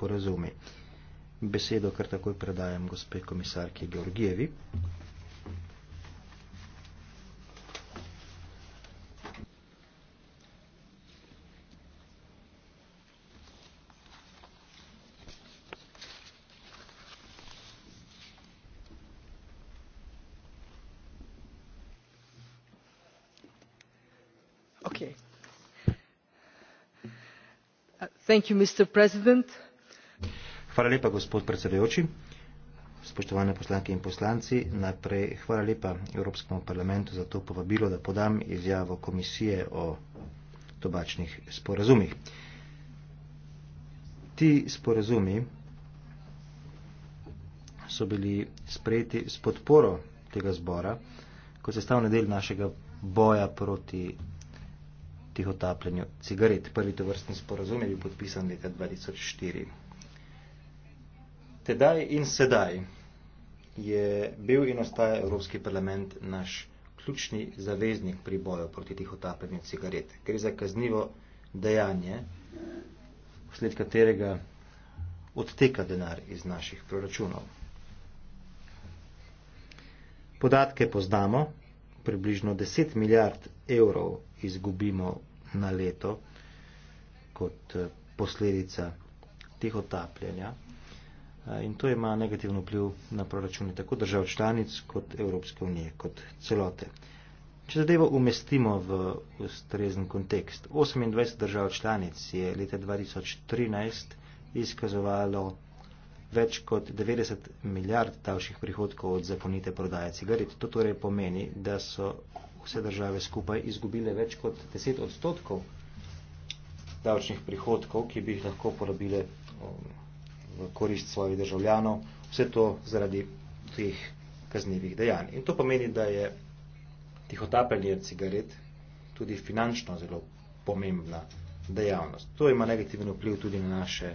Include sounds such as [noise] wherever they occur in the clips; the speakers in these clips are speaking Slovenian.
porazumi. Besedo kar takoj predajam gospe komisarki Georgijevi. Uh, thank you, Mr. President. Hvala lepa, gospod predsedujoči. Spoštovane poslanke in poslanci, najprej hvala lepa Evropskemu parlamentu za to povabilo, da podam izjavo komisije o tobačnih sporazumih. Ti sporazumi so bili sprejeti s podporo tega zbora, kot se stavne del našega boja proti tih otapljanju cigaret. Prvi to vrstni sporazum je bil podpisan leta 2004. Tedaj in sedaj je bil in ostaja Evropski parlament naš ključni zaveznik pri boju proti tih otapenjem cigaret. Gre za kaznivo dejanje, vsled katerega odteka denar iz naših proračunov. Podatke poznamo, približno 10 milijard evrov izgubimo na leto kot eh, posledica tih otapljanja. Eh, in to ima negativno vpliv na proračune tako držav članic kot Evropske unije kot celote. Če zadevo umestimo v ustrezen kontekst, 28 držav članic je leta 2013 izkazovalo več kot 90 milijard davčnih prihodkov od zakonite prodaje cigaret. To torej pomeni, da so vse države skupaj izgubile več kot 10 odstotkov davčnih prihodkov, ki bi jih lahko porabile um, v korist svojih državljanov, vse to zaradi teh kaznivih dejanj. In to pomeni, da je tihotapljenje cigaret tudi finančno zelo pomembna dejavnost. To ima negativen vpliv tudi na naše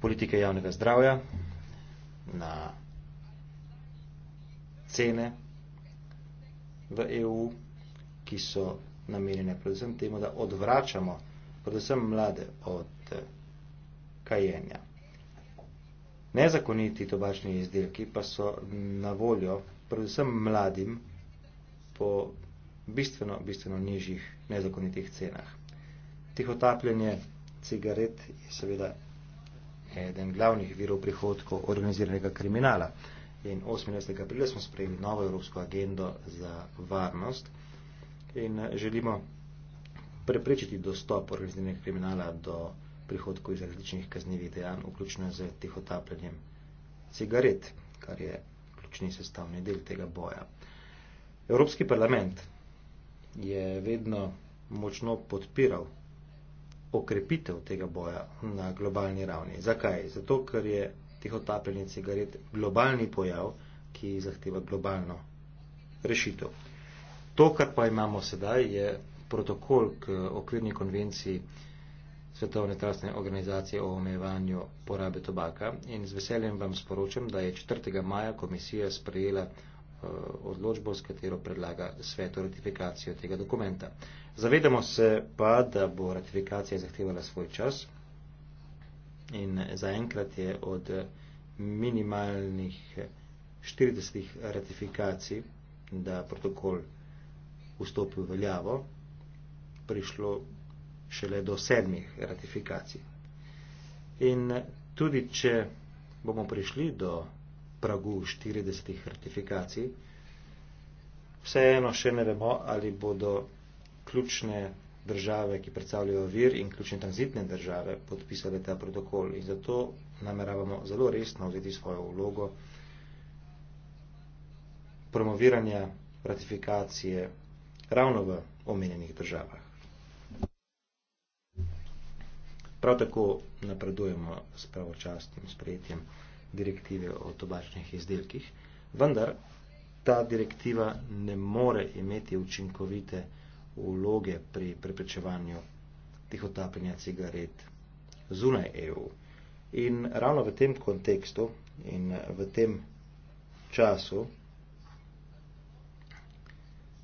politike javnega zdravja, na cene v EU, ki so namenjene predvsem temu, da odvračamo predvsem mlade od kajenja. Nezakoniti tobačni izdelki pa so na voljo predvsem mladim po bistveno, bistveno nižjih nezakonitih cenah. Tihotapljanje cigaret je seveda eden glavnih virov prihodkov organiziranega kriminala. In 18. aprila smo sprejeli novo evropsko agendo za varnost in eh, želimo preprečiti dostop organiziranega kriminala do prihodkov iz različnih kaznevih dejanj, vključno z tihotapljenjem cigaret, kar je ključni sestavni del tega boja. Evropski parlament je vedno močno podpiral okrepitev tega boja na globalni ravni. Zakaj? Zato, ker je tihotapljenje cigaret globalni pojav, ki zahteva globalno rešitev. To, kar pa imamo sedaj, je protokol k okvirni konvenciji Svetovne trasne organizacije o omejevanju porabe tobaka in z veseljem vam sporočam, da je 4. maja komisija sprejela eh, odločbo, s katero predlaga svetu ratifikacijo tega dokumenta. Zavedamo se pa, da bo ratifikacija zahtevala svoj čas in zaenkrat je od minimalnih 40 ratifikacij, da protokol vstopi v veljavo, prišlo šele do sedmih ratifikacij. In tudi, če bomo prišli do pragu 40 ratifikacij, vseeno še ne vemo, ali bodo ključne države, ki predstavljajo vir in ključne transitne države, podpisale ta protokol. In zato nameravamo zelo resno vzeti svojo vlogo promoviranja ratifikacije ravno v omenjenih državah. Prav tako napredujemo s pravočasnim sprejetjem direktive o tobačnih izdelkih, vendar ta direktiva ne more imeti učinkovite vloge pri preprečevanju tihotapljenja cigaret zunaj EU. In ravno v tem kontekstu in v tem času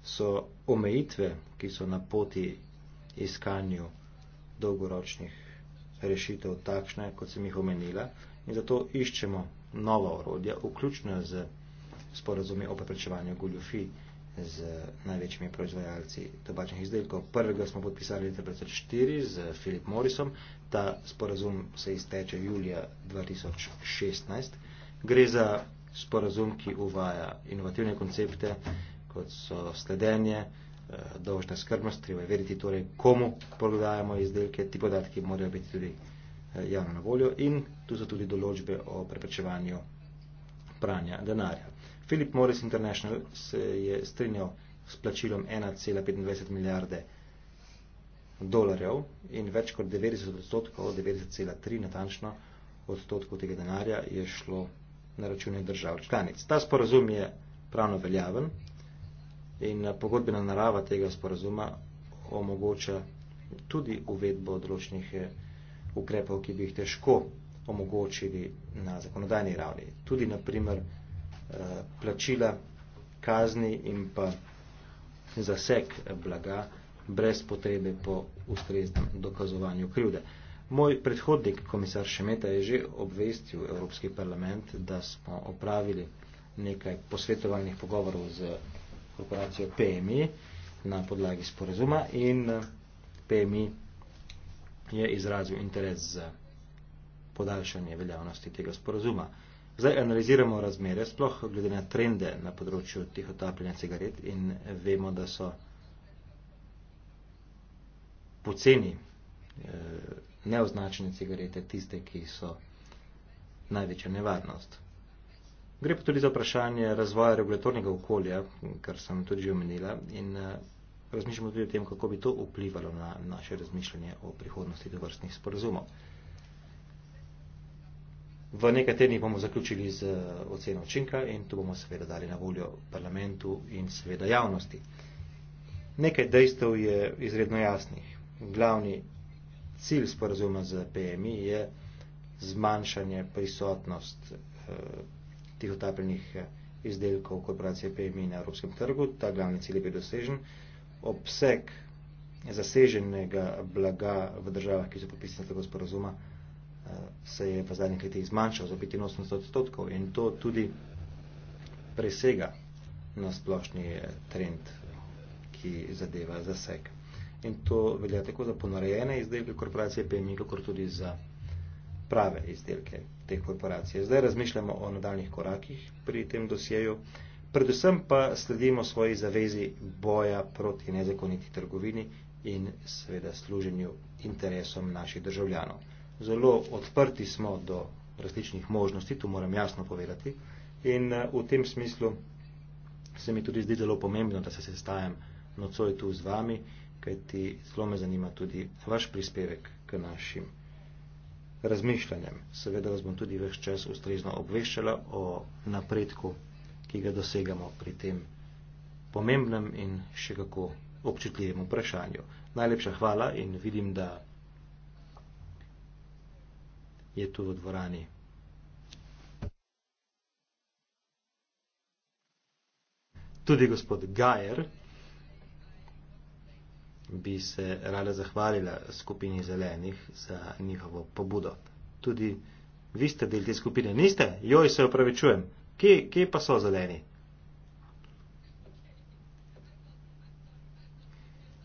so omejitve, ki so na poti iskanju dolgoročnih rešitev takšne, kot sem jih omenila, in zato iščemo nova orodja, vključno z sporazumi o preprečevanju goljufi z največjimi proizvajalci tobačnih izdelkov. Prvega smo podpisali leta 2004 z Philip Morrisom, ta sporazum se izteče julija 2016. Gre za sporazum, ki uvaja inovativne koncepte, kot so sledenje, Eh, dolžna skrbnost, treba je veriti torej, komu prodajamo izdelke, ti podatki morajo biti tudi eh, javno na voljo in tu so tudi določbe o preprečevanju pranja denarja. Philip Morris International se je strinjal s plačilom 1,25 milijarde dolarjev in več kot 90 odstotkov, 90,3 natančno odstotkov tega denarja je šlo na račune držav članic. Ta sporazum je pravno veljaven, In eh, pogodbena narava tega sporazuma omogoča tudi uvedbo odločnih eh, ukrepov, ki bi jih težko omogočili na zakonodajni ravni. Tudi, naprimer, eh, plačila kazni in pa zasek blaga brez potrebe po ustreznem dokazovanju krivde. Moj predhodnik, komisar Šemeta, je že obvestil Evropski parlament, da smo opravili nekaj posvetovalnih pogovorov z korporacijo PMI na podlagi sporazuma in PMI je izrazil interes za podaljšanje veljavnosti tega sporazuma. Zdaj analiziramo razmere, sploh glede na trende na področju tihotapljenja cigaret in vemo, da so poceni eh, neoznačene cigarete tiste, ki so največja nevarnost. Gre pa tudi za vprašanje razvoja regulatornega okolja, kar sem tudi že omenila, in eh, razmišljamo tudi o tem, kako bi to vplivalo na naše razmišljanje o prihodnosti dovrstnih sporazumov. V nekaj tednih bomo zaključili z eh, oceno učinka in to bomo seveda dali na voljo parlamentu in seveda javnosti. Nekaj dejstev je izredno jasnih. Glavni cilj sporazuma z PMI je zmanjšanje prisotnost. Eh, tih otapljenih eh, izdelkov korporacije PMI na evropskem trgu, ta glavni cilj je bil dosežen. Obseg zaseženega blaga v državah, ki so podpisali tega sporazuma, eh, se je v zadnjih letih zmanjšal za 85 odstotkov in to tudi presega na splošni eh, trend, ki zadeva zaseg. In to velja tako za ponarejene izdelke korporacije PMI, kot tudi za prave izdelke te korporacije. Zdaj razmišljamo o nadaljnih korakih pri tem dosjeju, predvsem pa sledimo svoji zavezi boja proti nezakoniti trgovini in seveda služenju interesom naših državljanov. Zelo odprti smo do različnih možnosti, to moram jasno povedati, in eh, v tem smislu se mi tudi zdi zelo pomembno, da se sestajam nocoj tu z vami, kajti zelo me zanima tudi vaš prispevek k našim razmišljanjem. Seveda vas bom tudi več čas ustrezno obveščala o napredku, ki ga dosegamo pri tem pomembnem in še kako občutljivem vprašanju. Najlepša hvala in vidim, da je tu v dvorani. Tudi gospod Gajer bi se rada zahvalila skupini zelenih za njihovo pobudo. Tudi vi ste del te skupine, niste? Joj, se opravičujem. Kje, kje pa so zeleni?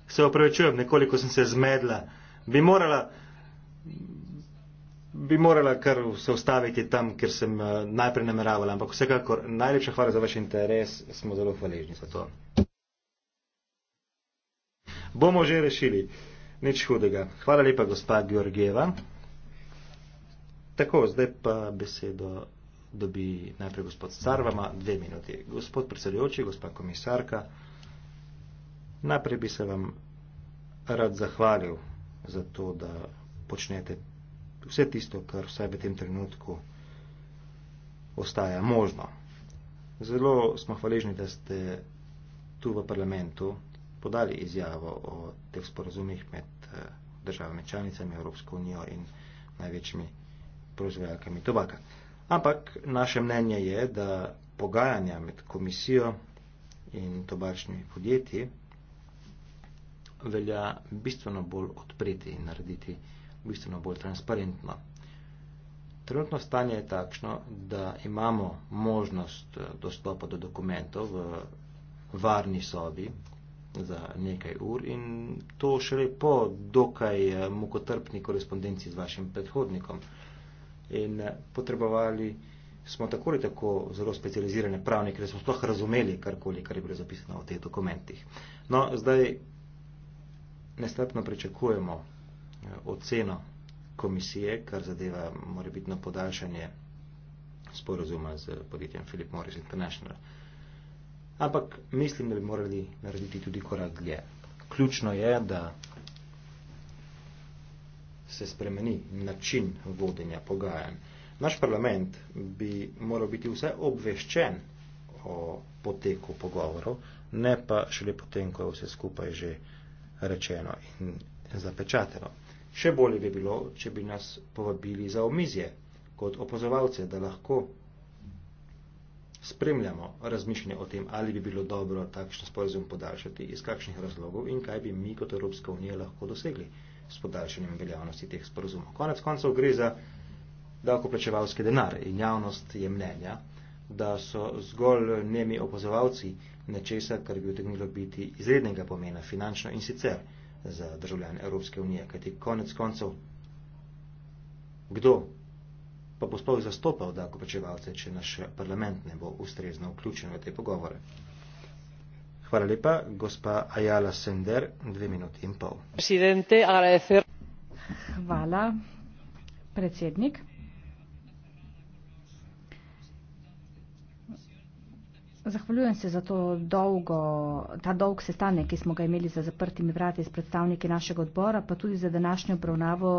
Se opravičujem, nekoliko sem se zmedla. Bi morala, bi morala kar se ustaviti tam, kjer sem eh, najprej nameravala. Ampak vsekakor najlepša hvala za vaš interes, smo zelo hvaležni za to bomo že rešili. Nič hudega. Hvala lepa, gospa Georgieva. Tako, zdaj pa besedo dobi najprej gospod Sarvama, dve minuti. Gospod predsedujoči, gospa komisarka, najprej bi se vam rad zahvalil za to, da počnete vse tisto, kar vsaj v tem trenutku ostaja možno. Zelo smo hvaležni, da ste tu v parlamentu, podali izjavo o teh sporazumih med eh, državami članicami Evropske unijo in največjimi proizvajalkami tobaka. Ampak naše mnenje je, da pogajanja med komisijo in tobačnimi podjetji velja bistveno bolj odpreti in narediti bistveno bolj transparentno. Trenutno stanje je takšno, da imamo možnost eh, dostopa do dokumentov v varni sobi, za nekaj ur in to šele po dokaj eh, mukotrpni korespondenci z vašim predhodnikom. In eh, potrebovali smo tako ali tako zelo specializirane pravnike, da smo sploh razumeli karkoli, kar je bilo zapisano v teh dokumentih. No, zdaj nestrpno pričakujemo eh, oceno komisije, kar zadeva morebitno podaljšanje sporozuma z podjetjem Philip Morris International. Ampak mislim, da bi morali narediti tudi korak dlje. Ključno je, da se spremeni način vodenja pogajanj. Naš parlament bi moral biti vse obveščen o poteku pogovorov, ne pa šele potem, ko je vse skupaj že rečeno in zapečateno. Še bolje bi bilo, če bi nas povabili za omizje kot opozovalce, da lahko spremljamo razmišljanje o tem, ali bi bilo dobro takšen sporozum podaljšati, iz kakšnih razlogov in kaj bi mi kot Evropska unija lahko dosegli s podaljšanjem veljavnosti teh sporozumov. Konec koncev gre za davkoplačevalski denar in javnost je mnenja, da so zgolj nemi opozovalci nečesa, kar bi utegnilo biti izrednega pomena finančno in sicer za državljane Evropske unije, kajti konec koncev kdo pa bo sploh zastopal davko plačevalce, če naš parlament ne bo ustrezno vključen v te pogovore. Hvala lepa, gospa Ajala Sender, dve minuti in pol. Hvala, predsednik. Zahvaljujem se za to dolgo, ta dolg sestanek, ki smo ga imeli za zaprtimi vrati s predstavniki našega odbora, pa tudi za današnjo obravnavo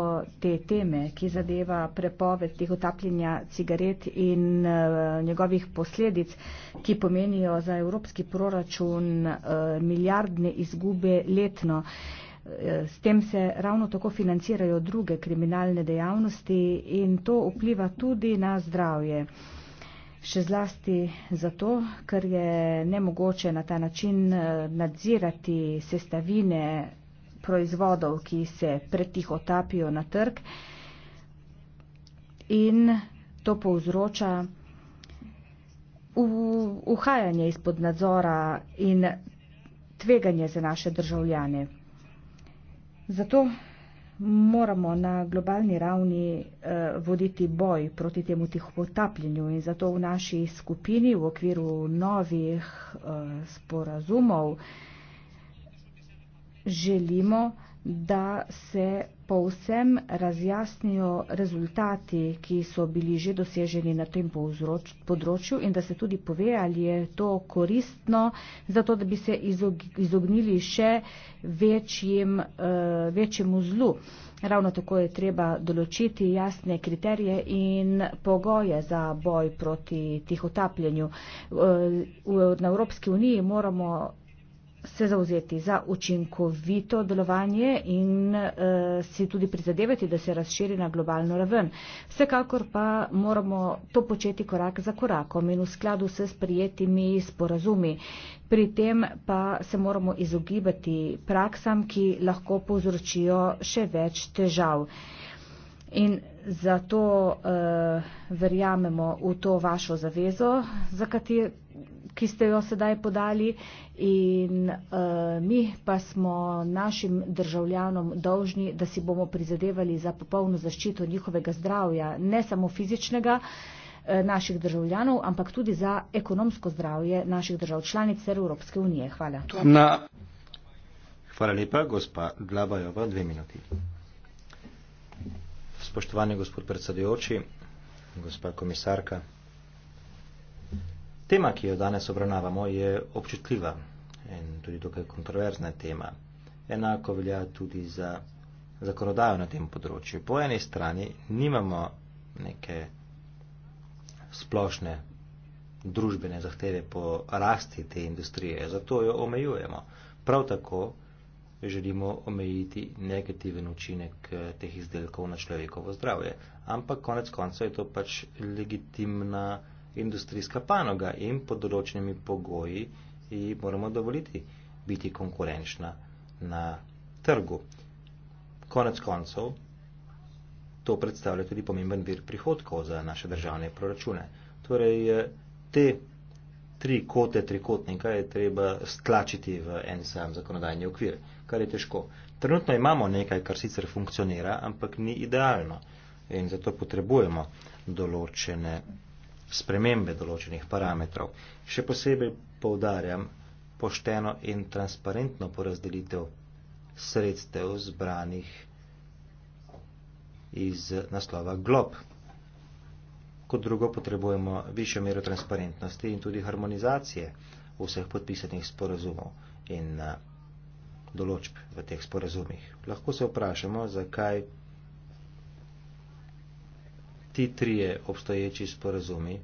te teme, ki zadeva prepoved tih otapljenja cigaret in uh, njegovih posledic, ki pomenijo za evropski proračun uh, milijardne izgube letno. Eh, s tem se ravno tako financirajo druge kriminalne dejavnosti in to vpliva tudi na zdravje. Uh, še zlasti zato, ker je nemogoče na ta način eh, nadzirati sestavine proizvodov, ki se pretiho tapijo na trg in to povzroča uhajanje izpod nadzora in tveganje za naše državljane. Zato moramo na globalni ravni eh, voditi boj proti temu tihotapljenju in zato v naši skupini v okviru novih eh, sporazumov želimo, da se povsem razjasnijo rezultati, ki so bili že doseženi na tem področju in da se tudi pove, ali je to koristno, zato da bi se izognili še večjim, eh, večjemu zlu. Ravno tako je treba določiti jasne kriterije in pogoje za boj proti tih otapljenju. Eh, na Evropski uniji moramo se zauzeti za učinkovito delovanje in uh, si tudi prizadevati, da se razširi na globalno raven. Vsekakor pa moramo to početi korak za korakom in v skladu s sprijetimi sporazumi. Pri tem pa se moramo izogibati praksam, ki lahko povzročijo še več težav. In zato uh, verjamemo v to vašo zavezo, za katero ki ste jo sedaj podali in uh, mi pa smo našim državljanom dolžni, da si bomo prizadevali za popolno zaščito njihovega zdravja, ne samo fizičnega eh, naših državljanov, ampak tudi za ekonomsko zdravje naših držav članic ter Evropske unije. Hvala. Na. Hvala lepa, gospa Glabajova, dve minuti. Spoštovani gospod predsedujoči, gospa komisarka. Tema, ki jo danes obravnavamo, je občutljiva in tudi dokaj kontroverzna tema. Enako velja tudi za zakonodajo na tem področju. Po eni strani nimamo neke splošne družbene zahteve po rasti te industrije, zato jo omejujemo. Prav tako želimo omejiti negativen učinek eh, teh izdelkov na človekovo zdravje. Ampak konec konca je to pač legitimna industrijska panoga in pod določenimi pogoji ji moramo dovoliti biti konkurenčna na trgu. Konec koncev, to predstavlja tudi pomemben vir prihodkov za naše državne proračune. Torej, eh, te tri kote trikotnika je treba stlačiti v en sam zakonodajni okvir, kar je težko. Trenutno imamo nekaj, kar sicer funkcionira, ampak ni idealno in zato potrebujemo določene spremembe določenih parametrov. Še posebej poudarjam pošteno in transparentno porazdelitev sredstev zbranih iz naslova glob. Kot drugo potrebujemo višjo mero transparentnosti in tudi harmonizacije vseh podpisanih sporazumov in eh, določb v teh sporazumih. Lahko se vprašamo, zakaj ti trije obstoječi sporazumi,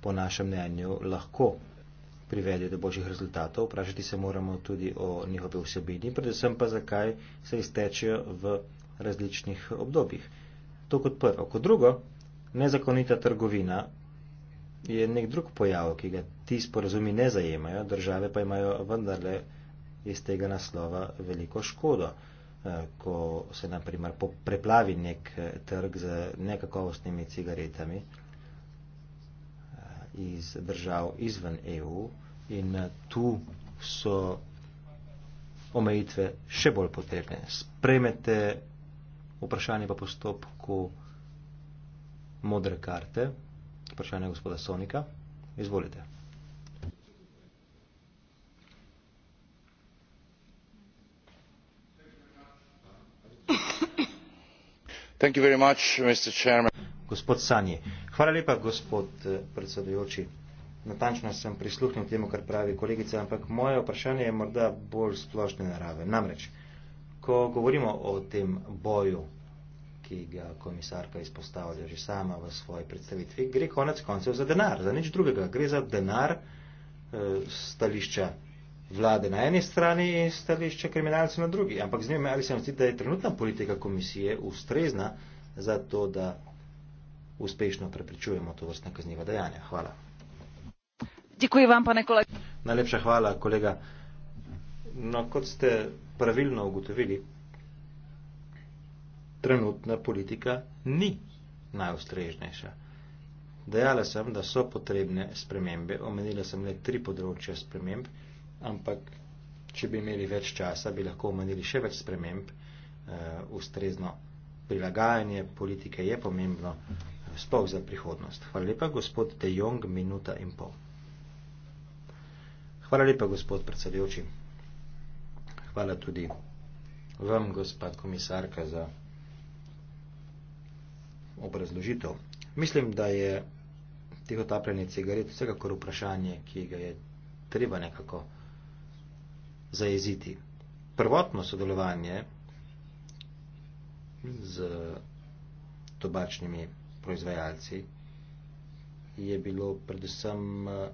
po našem mnenju, lahko privede do božjih rezultatov, vprašati se moramo tudi o njihovi vsebini, predvsem pa zakaj se iztečejo v različnih obdobjih. To kot prvo. Kot drugo, nezakonita trgovina je nek drug pojav, ki ga ti sporazumi ne zajemajo, države pa imajo vendarle iz tega naslova veliko škodo. Eh, ko se naprimer preplavi nek eh, trg z nekakovostnimi cigaretami eh, iz držav izven EU in tu so omejitve še bolj potrebne. Spremete vprašanje pa postopku modre karte, vprašanje gospoda Sonika. Izvolite. hvala lepa gospod eh, predsedujoči natančno sem prisluhnil temu kar pravi kolegica ampak moje vprašanje je morda bolj splošne narave namreč ko govorimo o tem boju ki ga komisarka izpostavlja že sama v svoji predstavitvi gre konec koncev za denar za nič drugega gre za denar eh, stališča vlade na eni strani in stališče kriminalcev na drugi. Ampak zanima me, ali se vam zdi, da je trenutna politika komisije ustrezna za to, da uspešno preprečujemo to vrstne kazniva dejanja. Hvala. Dikuji vam, pane kolega. Najlepša hvala, kolega. No, kot ste pravilno ugotovili, trenutna politika ni najustrežnejša. Dejala sem, da so potrebne spremembe, omenila sem le tri področja sprememb ampak če bi imeli več časa, bi lahko omenili še več sprememb. Uh, ustrezno prilagajanje politike je pomembno, eh, sploh za prihodnost. Hvala lepa, gospod De Jong, minuta in pol. Hvala lepa, gospod predsedujoči. Hvala tudi vam, gospa komisarka, za obrazložitev. Mislim, da je tiho tapljanje cigaret vsekakor vprašanje, ki ga je treba nekako zajeziti. Prvotno sodelovanje z tobačnimi proizvajalci je bilo predvsem eh,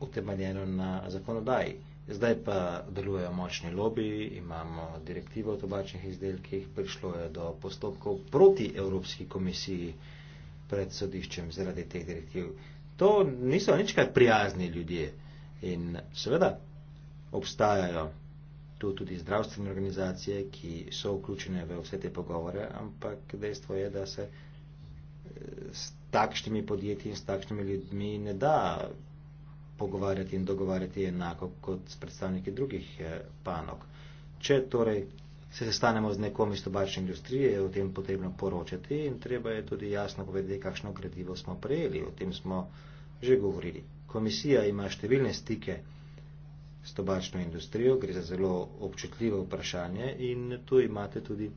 utemeljeno na zakonodaji. Zdaj pa delujejo močni lobi, imamo direktivo o tobačnih izdelkih, prišlo je do postopkov proti Evropski komisiji pred sodiščem zaradi teh direktiv. To niso nič kaj prijazni ljudje. In seveda, obstajajo tu tudi zdravstvene organizacije, ki so vključene v vse te pogovore, ampak dejstvo je, da se eh, s takšnimi podjetji in s takšnimi ljudmi ne da pogovarjati in dogovarjati enako kot s predstavniki drugih eh, panog. Če torej se sestanemo z nekom iz tobačne industrije, je o tem potrebno poročati in treba je tudi jasno povedati, kakšno gradivo smo prejeli. O tem smo že govorili. Komisija ima številne stike s tobačno industrijo, gre za zelo občutljivo vprašanje in tu imate tudi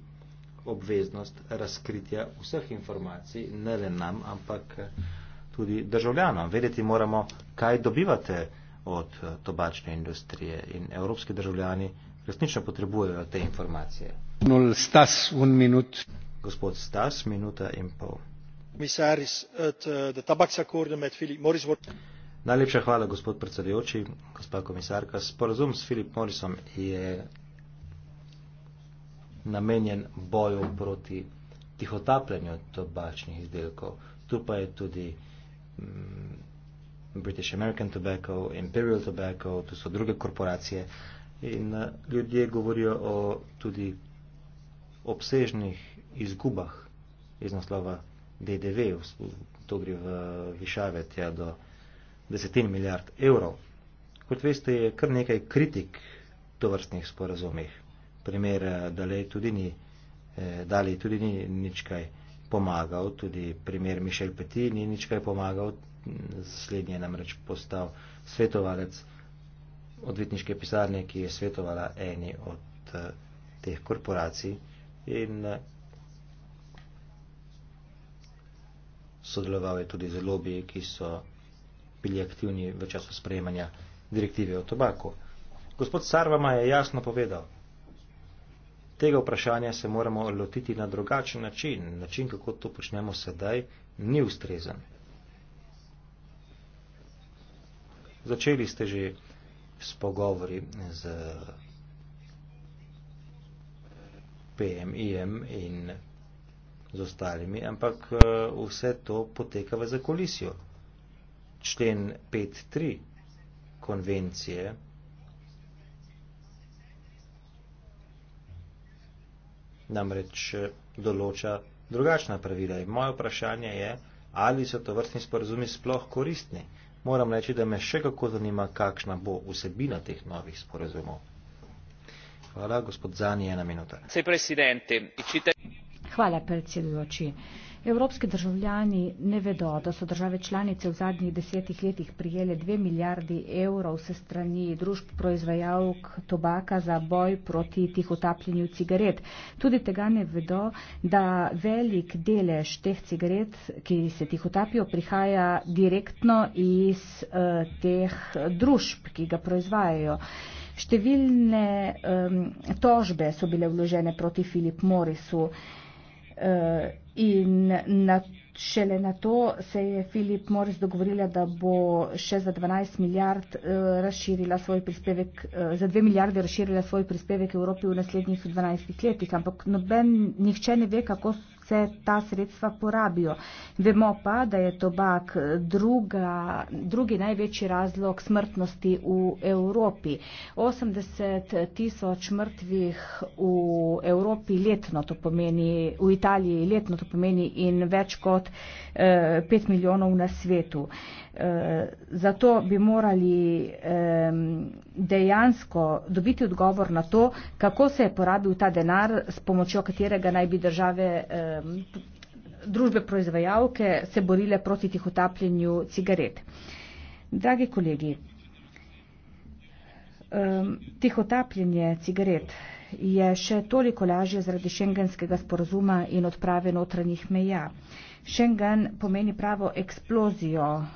obveznost razkritja vseh informacij, ne le nam, ampak tudi državljanom. Vedeti moramo, kaj dobivate od tobačne industrije in evropski državljani resnično potrebujejo te informacije. Nul stas, un minut. Gospod Stas, minuta in pol. Komisaris, od eh, tabaksakorda med Filip Morris. Najlepša hvala, gospod predsedujoči, gospa komisarka. Sporazum s Filip Morrisom je namenjen boju proti tihotapljanju tobačnih izdelkov. Tu pa je tudi mm, British American Tobacco, Imperial Tobacco, tu so druge korporacije in eh, ljudje govorijo o tudi obsežnih izgubah iz naslova DDV, to gre v višave tja do desetin milijard evrov. Kot veste, je kar nekaj kritik tovrstnih sporazumih. Primer, eh, da le tudi ni, eh, da le tudi ni nič kaj pomagal, tudi primer Mišel Peti ni nič kaj pomagal, slednji je namreč postal svetovalec odvetniške pisarne, ki je svetovala eni od eh, teh korporacij in sodeloval je tudi z lobiji, ki so bili aktivni v času sprejemanja direktive o tobaku. Gospod Sarvama je jasno povedal, tega vprašanja se moramo lotiti na drugačen način. Način, kako to počnemo sedaj, ni ustrezen. Začeli ste že s pogovori z PMI-jem in z ostalimi, ampak eh, vse to poteka v zakolisijo člen 5.3 konvencije namreč eh, določa drugačna pravila. In moje vprašanje je, ali so to vrstni sporazumi sploh koristni. Moram reči, da me še kako zanima, kakšna bo vsebina teh novih sporazumov. Hvala, gospod Zani, ena minuta. Hvala, predsedujoči. Uh, Evropski državljani ne vedo, da so države članice v zadnjih desetih letih prijele dve milijardi evrov se strani družb proizvajalk tobaka za boj proti tih utapljenju cigaret. Tudi tega ne vedo, da velik delež teh cigaret, ki se tih utapijo, prihaja direktno iz uh, teh družb, ki ga proizvajajo. Številne um, tožbe so bile vložene proti Filip Morisu. Uh, uh, in na, šele na to se je Filip Morris dogovorila, da bo še za 12 milijard uh, razširila svoj prispevek, uh, za 2 milijarde razširila svoj prispevek Evropi v naslednjih 12 letih, ampak noben, nihče ne ve, kako se ta sredstva porabijo. Vemo pa, da je tobak druga, drugi največji razlog smrtnosti v Evropi. 80 tisoč mrtvih v Evropi letno to pomeni, v Italiji letno to pomeni in več kot 5 eh, milijonov na svetu. Eh, zato bi morali um, dejansko dobiti odgovor na to, kako se je porabil ta denar, s pomočjo katerega naj bi države, um, družbe proizvajalke se borile proti tih utapljenju cigaret. Dragi kolegi, um, tih utapljenje cigaret je še toliko lažje zaradi šengenskega sporozuma in odprave notranjih meja. Schengen pomeni pravo eksplozijo uh,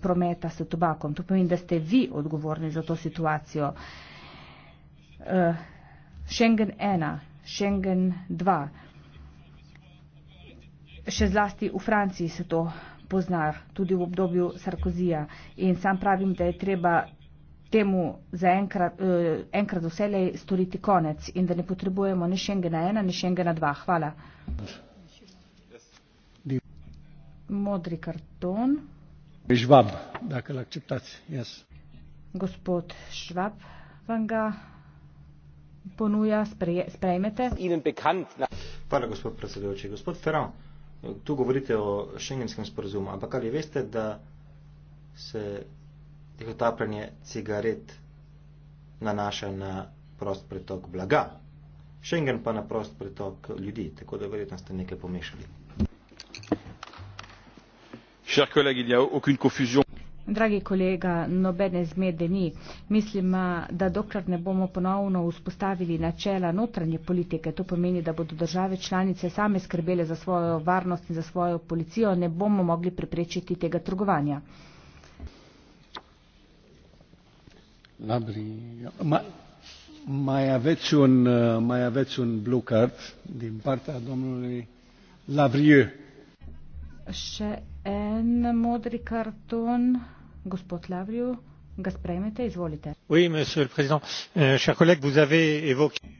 prometa s tobakom. To pomeni, da ste vi odgovorni za to situacijo. Uh, Schengen 1, Schengen 2. Še zlasti v Franciji se to pozna, tudi v obdobju Sarkozija. In sam pravim, da je treba temu za enkrat, eh, enkrat vselej storiti konec in da ne potrebujemo ni Schengena 1, ni Schengena 2. Hvala. Modri karton. Žvab, da kar akceptacija, jaz. Gospod Švab vam ga ponuja, spreje, sprejmete. Hvala, gospod predsedujoči. Gospod Ferran, tu govorite o šengenskem sporazumu, ampak ali veste, da se tihotapljenje cigaret nanaša na prost pretok blaga, Schengen pa na prost pretok ljudi, tako da verjetno ste nekaj pomešali. Dragi kolega, nobene zmede ni. Mislim, da dokler ne bomo ponovno vzpostavili načela notranje politike, to pomeni, da bodo države članice same skrbele za svojo varnost in za svojo policijo, ne bomo mogli preprečiti tega trgovanja. l'abri. Ma, mai aveți un, uh, mai aveți un blue card din partea domnului Lavrieux? Și un modri carton, gospod Lavrieux, găspremete, izvolite. Oui, monsieur le président, uh, chers collègues, vous avez évoqué... Evoc-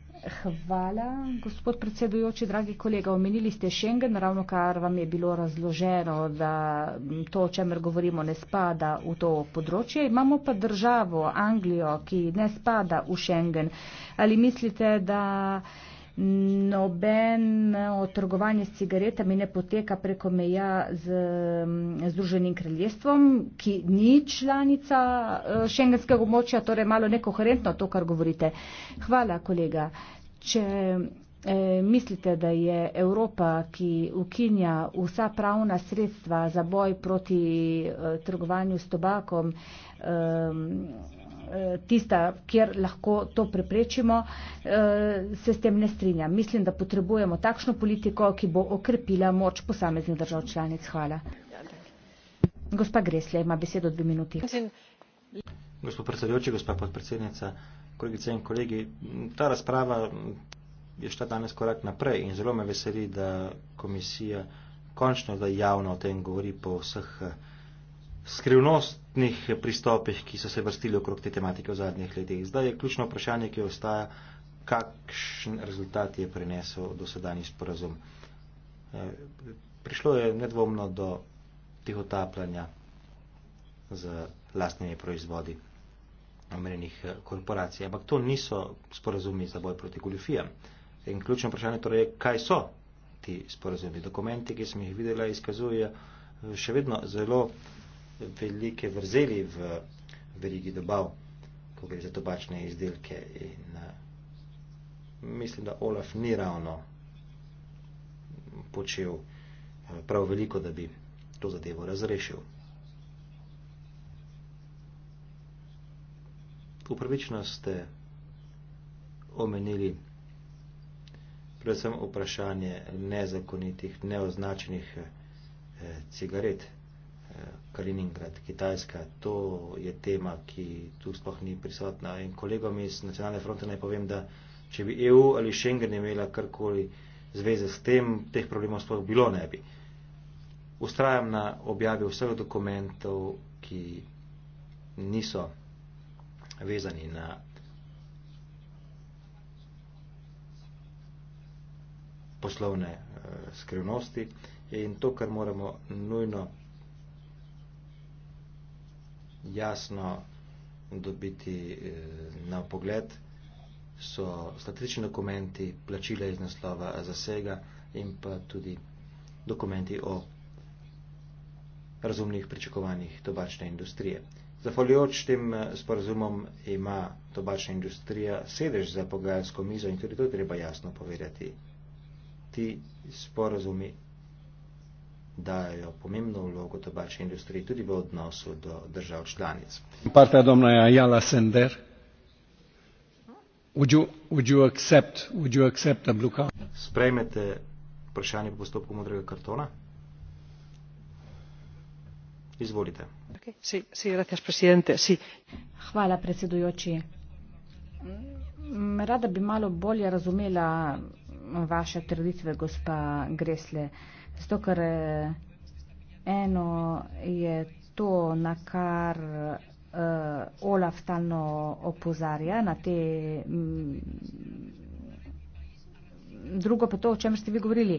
Hvala, gospod predsedujoči, dragi kolega. Omenili ste Schengen, ravno kar vam je bilo razloženo, da to, o čemer govorimo, ne spada v to področje. Imamo pa državo Anglijo, ki ne spada v Schengen. Ali mislite, da nobeno trgovanje s cigaretami ne poteka preko meja z mm, Združenim kraljestvom, ki ni članica šengenskega eh, območja, torej malo nekoherentno to, kar govorite. Hvala, kolega. Če e, mislite, da je Evropa, ki ukinja vsa pravna sredstva za boj proti e, trgovanju s tobakom, e, tista, kjer lahko to preprečimo, se s tem ne strinjam. Mislim, da potrebujemo takšno politiko, ki bo okrepila moč posameznih držav članic. Hvala. Gospa Gresle ima besedo dve minuti. Gospod predsedujoči, gospa podpredsednica, kolegice in kolegi, ta razprava je šla danes korak naprej in zelo me veseli, da komisija končno da javno o tem govori po vseh eh, skrivnostnih pristopih, ki so se vrstili okrog te tematike v zadnjih letih. Zdaj je ključno vprašanje, ki ostaja, kakšen rezultat je prinesel dosedanji sporazum. Eh, prišlo je nedvomno do tih otapljanja z lastnimi proizvodi omenjenih eh, korporacij. Ampak to niso sporazumi za boj proti goljofijam. In ključno vprašanje torej je, kaj so ti sporazumi. Dokumenti, ki sem jih videla, izkazujejo eh, še vedno zelo velike vrzeli v verigi dobav, ko gre za tobačne izdelke. In, eh, mislim, da Olaf ni ravno počel prav veliko, da bi to zadevo razrešil. Tako prvično ste omenili predvsem vprašanje nezakonitih, neoznačenih eh, cigaret. Eh, Kaliningrad, Kitajska, to je tema, ki tu sploh ni prisotna. In kolegom iz nacionalne fronte naj povem, da če bi EU ali Schengen imela karkoli zveze s tem, teh problemov sploh bilo ne bi. Ustrajam na objavi vseh dokumentov, ki niso vezani na poslovne eh, skrivnosti in to, kar moramo nujno jasno dobiti eh, na pogled, so statični dokumenti, plačila iz naslova zasega in pa tudi dokumenti o razumnih pričakovanjih tobačne industrije. Zahvaljujoč tem eh, sporazumom ima tobačna industrija sedež za pogajalsko mizo in tudi to treba jasno povedati. Ti sporazumi dajo pomembno vlogo tobačne industrije tudi v odnosu do držav članic. Partija domna je Jala Sender. Would you, would you accept, would you accept a blue card? Sprejmete vprašanje po postopku modrega kartona? Izvolite. Hvala, predsedujoči. Mm, rada bi malo bolje razumela mm, vaše trditve, gospa Gresle. Zato, ker eh, eno je to, na kar uh, Olaf stalno opozarja, na te. Mm, drugo pa to, o čem ste vi govorili.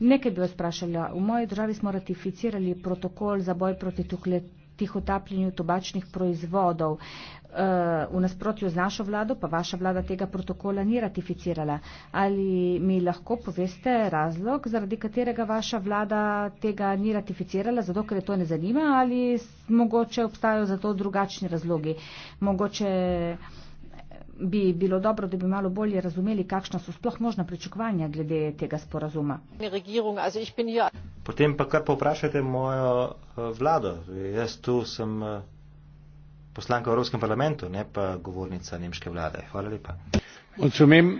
Nekaj bi vas vprašala. V moji državi smo ratificirali protokol za boj proti tukletu tihotapljenju tobačnih proizvodov. Eh, v nasprotju z našo vlado pa vaša vlada tega protokola ni ratificirala. Ali mi lahko poveste razlog, zaradi katerega vaša vlada tega ni ratificirala, zato ker je to ne zanima ali mogoče obstajajo za to drugačni razlogi? Mogoče bi bilo dobro, da bi malo bolje razumeli, kakšna so sploh možna pričakovanja glede tega sporazuma. Potem pa kar povprašajte mojo eh, vlado. Jaz tu sem eh, poslanka v Evropskem parlamentu, ne pa govornica nemške vlade. Hvala lepa. Odsumim.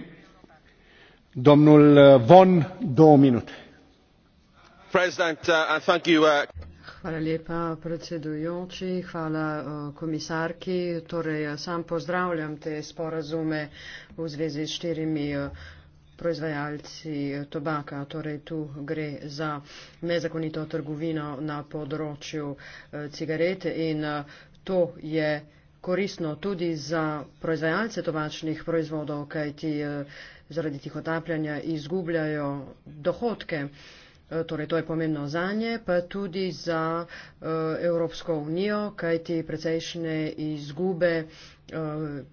Domnul eh, von do minute. President, uh, and thank you. Uh... Hvala lepa predsedujoči, hvala eh, komisarki. Torej, sam pozdravljam te sporazume v zvezi s štirimi eh, proizvajalci eh, tobaka. Torej, tu gre za nezakonito trgovino na področju cigarete in to je koristno tudi za proizvajalce tobačnih proizvodov, kajti zaradi tih otapljanja izgubljajo dohodke. Eh, torej, to je pomembno za nje, pa tudi za eh, Evropsko unijo, kajti precejšnje izgube eh,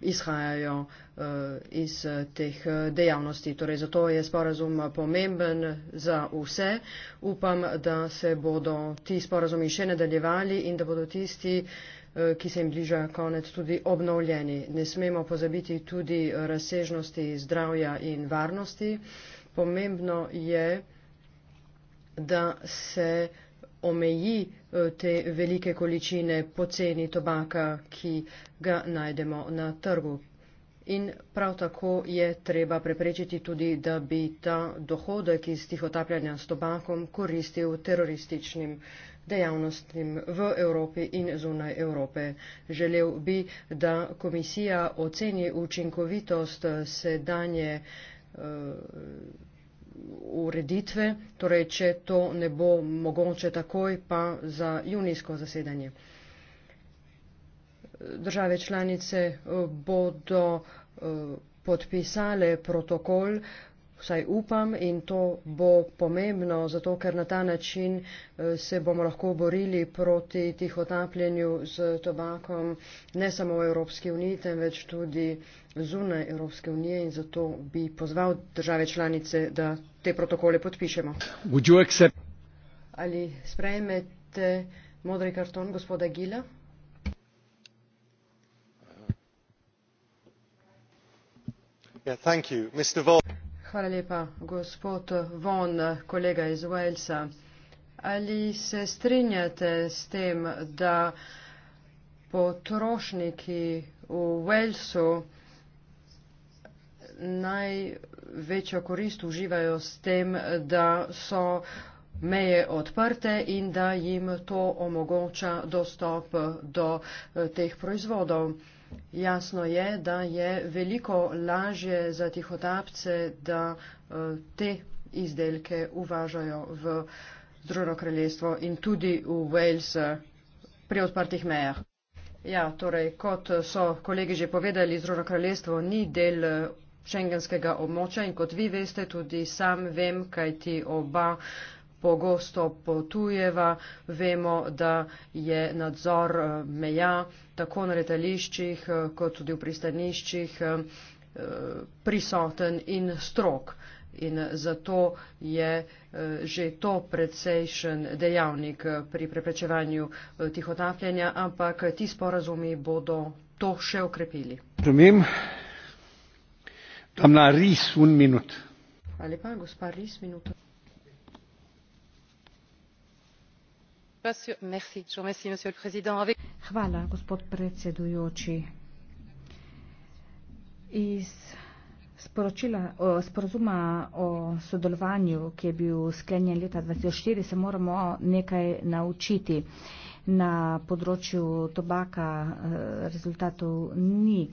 izhajajo iz teh dejavnosti. Torej, zato je sporazum pomemben za vse. Upam, da se bodo ti sporazumi še nadaljevali in da bodo tisti, ki se jim bliža konec, tudi obnovljeni. Ne smemo pozabiti tudi razsežnosti zdravja in varnosti. Pomembno je, da se omeji eh, te velike količine poceni tobaka, ki ga najdemo na trgu. In prav tako je treba preprečiti tudi, da bi ta dohodek iz tih otapljanja s tobakom koristil terorističnim dejavnostim v Evropi in zunaj Evrope. Želel bi, da komisija oceni učinkovitost sedanje uh, ureditve, torej če to ne bo mogoče takoj, pa za junijsko zasedanje. Države članice eh, bodo eh, podpisale protokol, vsaj upam in to bo pomembno, zato ker na ta način eh, se bomo lahko borili proti tihotapljenju z tobakom ne samo v Evropski uniji, temveč tudi zunaj Evropske unije in zato bi pozval države članice, da te protokole podpišemo. Ali sprejmete modri karton gospoda Gila? Yeah, thank you. Mr. Vol Hvala lepa, gospod Von, kolega iz Walesa. Ali se strinjate s tem, da potrošniki v Walesu največjo korist uživajo s tem, da so meje odprte in da jim to omogoča dostop do eh, teh proizvodov? Jasno je, da je veliko lažje za tihotapce, da eh, te izdelke uvažajo v Združeno kraljestvo in tudi v Wales pri odprtih mejah. Ja, torej, kot so kolegi že povedali, Združeno kraljestvo ni del šengenskega eh, območja in kot vi veste, tudi sam vem, kaj ti oba uh, pogosto potujeva, vemo, da je nadzor eh, meja tako na letališčih eh, kot tudi v pristaniščih eh, prisoten in strok. In zato je že to precejšen dejavnik pri preprečevanju tihotapljenja, ampak ti sporazumi bodo to še okrepili. Razumem. Dam na ris un minut. Ali pa gospa ris minuto. iz sporazuma o sodelovanju, ki je bil sklenjen leta 2004, se moramo nekaj naučiti. Na področju tobaka eh, rezultatov ni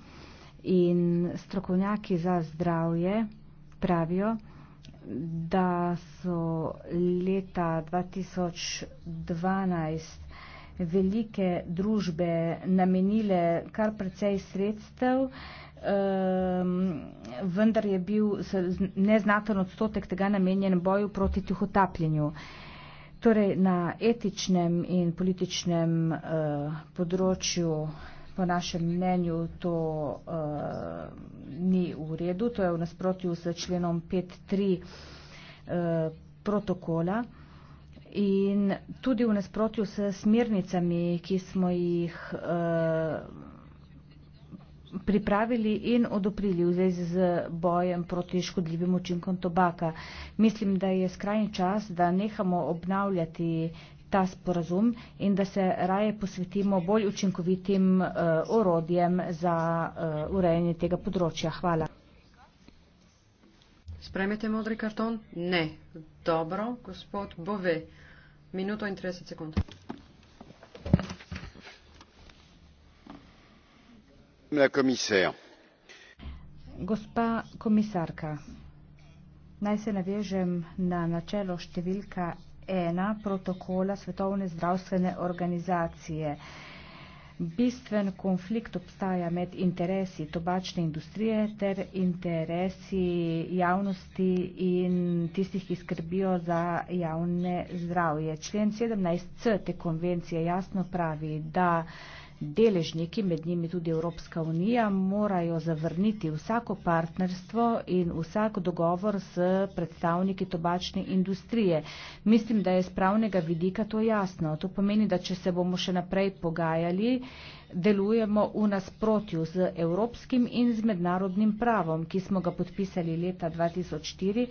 in strokovnjaki za zdravje pravijo, da so leta 2012 velike družbe namenile kar precej sredstev, ehm, vendar je bil neznaten odstotek tega namenjen boju proti tihotapljenju. Torej na etičnem in političnem eh, področju po našem mnenju to uh, ni v redu. To je v nasprotju z členom 5.3 uh, eh, protokola in tudi v nasprotju s smernicami, ki smo jih uh, pripravili in odoprili v zvezi z bojem proti škodljivim učinkom tobaka. Mislim, da je skrajni čas, da nehamo obnavljati eh, ta sporazum in da se raje posvetimo bolj učinkovitim uh, orodjem za uh, urejanje tega področja. Hvala. Spremete modri karton? Ne. Dobro, gospod Bove. Minuto in 30 sekund. La komisar. Gospa komisarka, naj se navežem na načelo številka ena protokola Svetovne zdravstvene organizacije. Bistven konflikt obstaja med interesi tobačne industrije ter interesi javnosti in tistih, ki skrbijo za javne zdravje. Člen 17c te konvencije jasno pravi, da deležniki, med njimi tudi Evropska unija, morajo zavrniti vsako partnerstvo in vsak dogovor s predstavniki tobačne industrije. Mislim, da je z pravnega vidika to jasno. To pomeni, da če se bomo še naprej pogajali, delujemo v nasprotju z evropskim in z mednarodnim pravom, ki smo ga podpisali leta 2004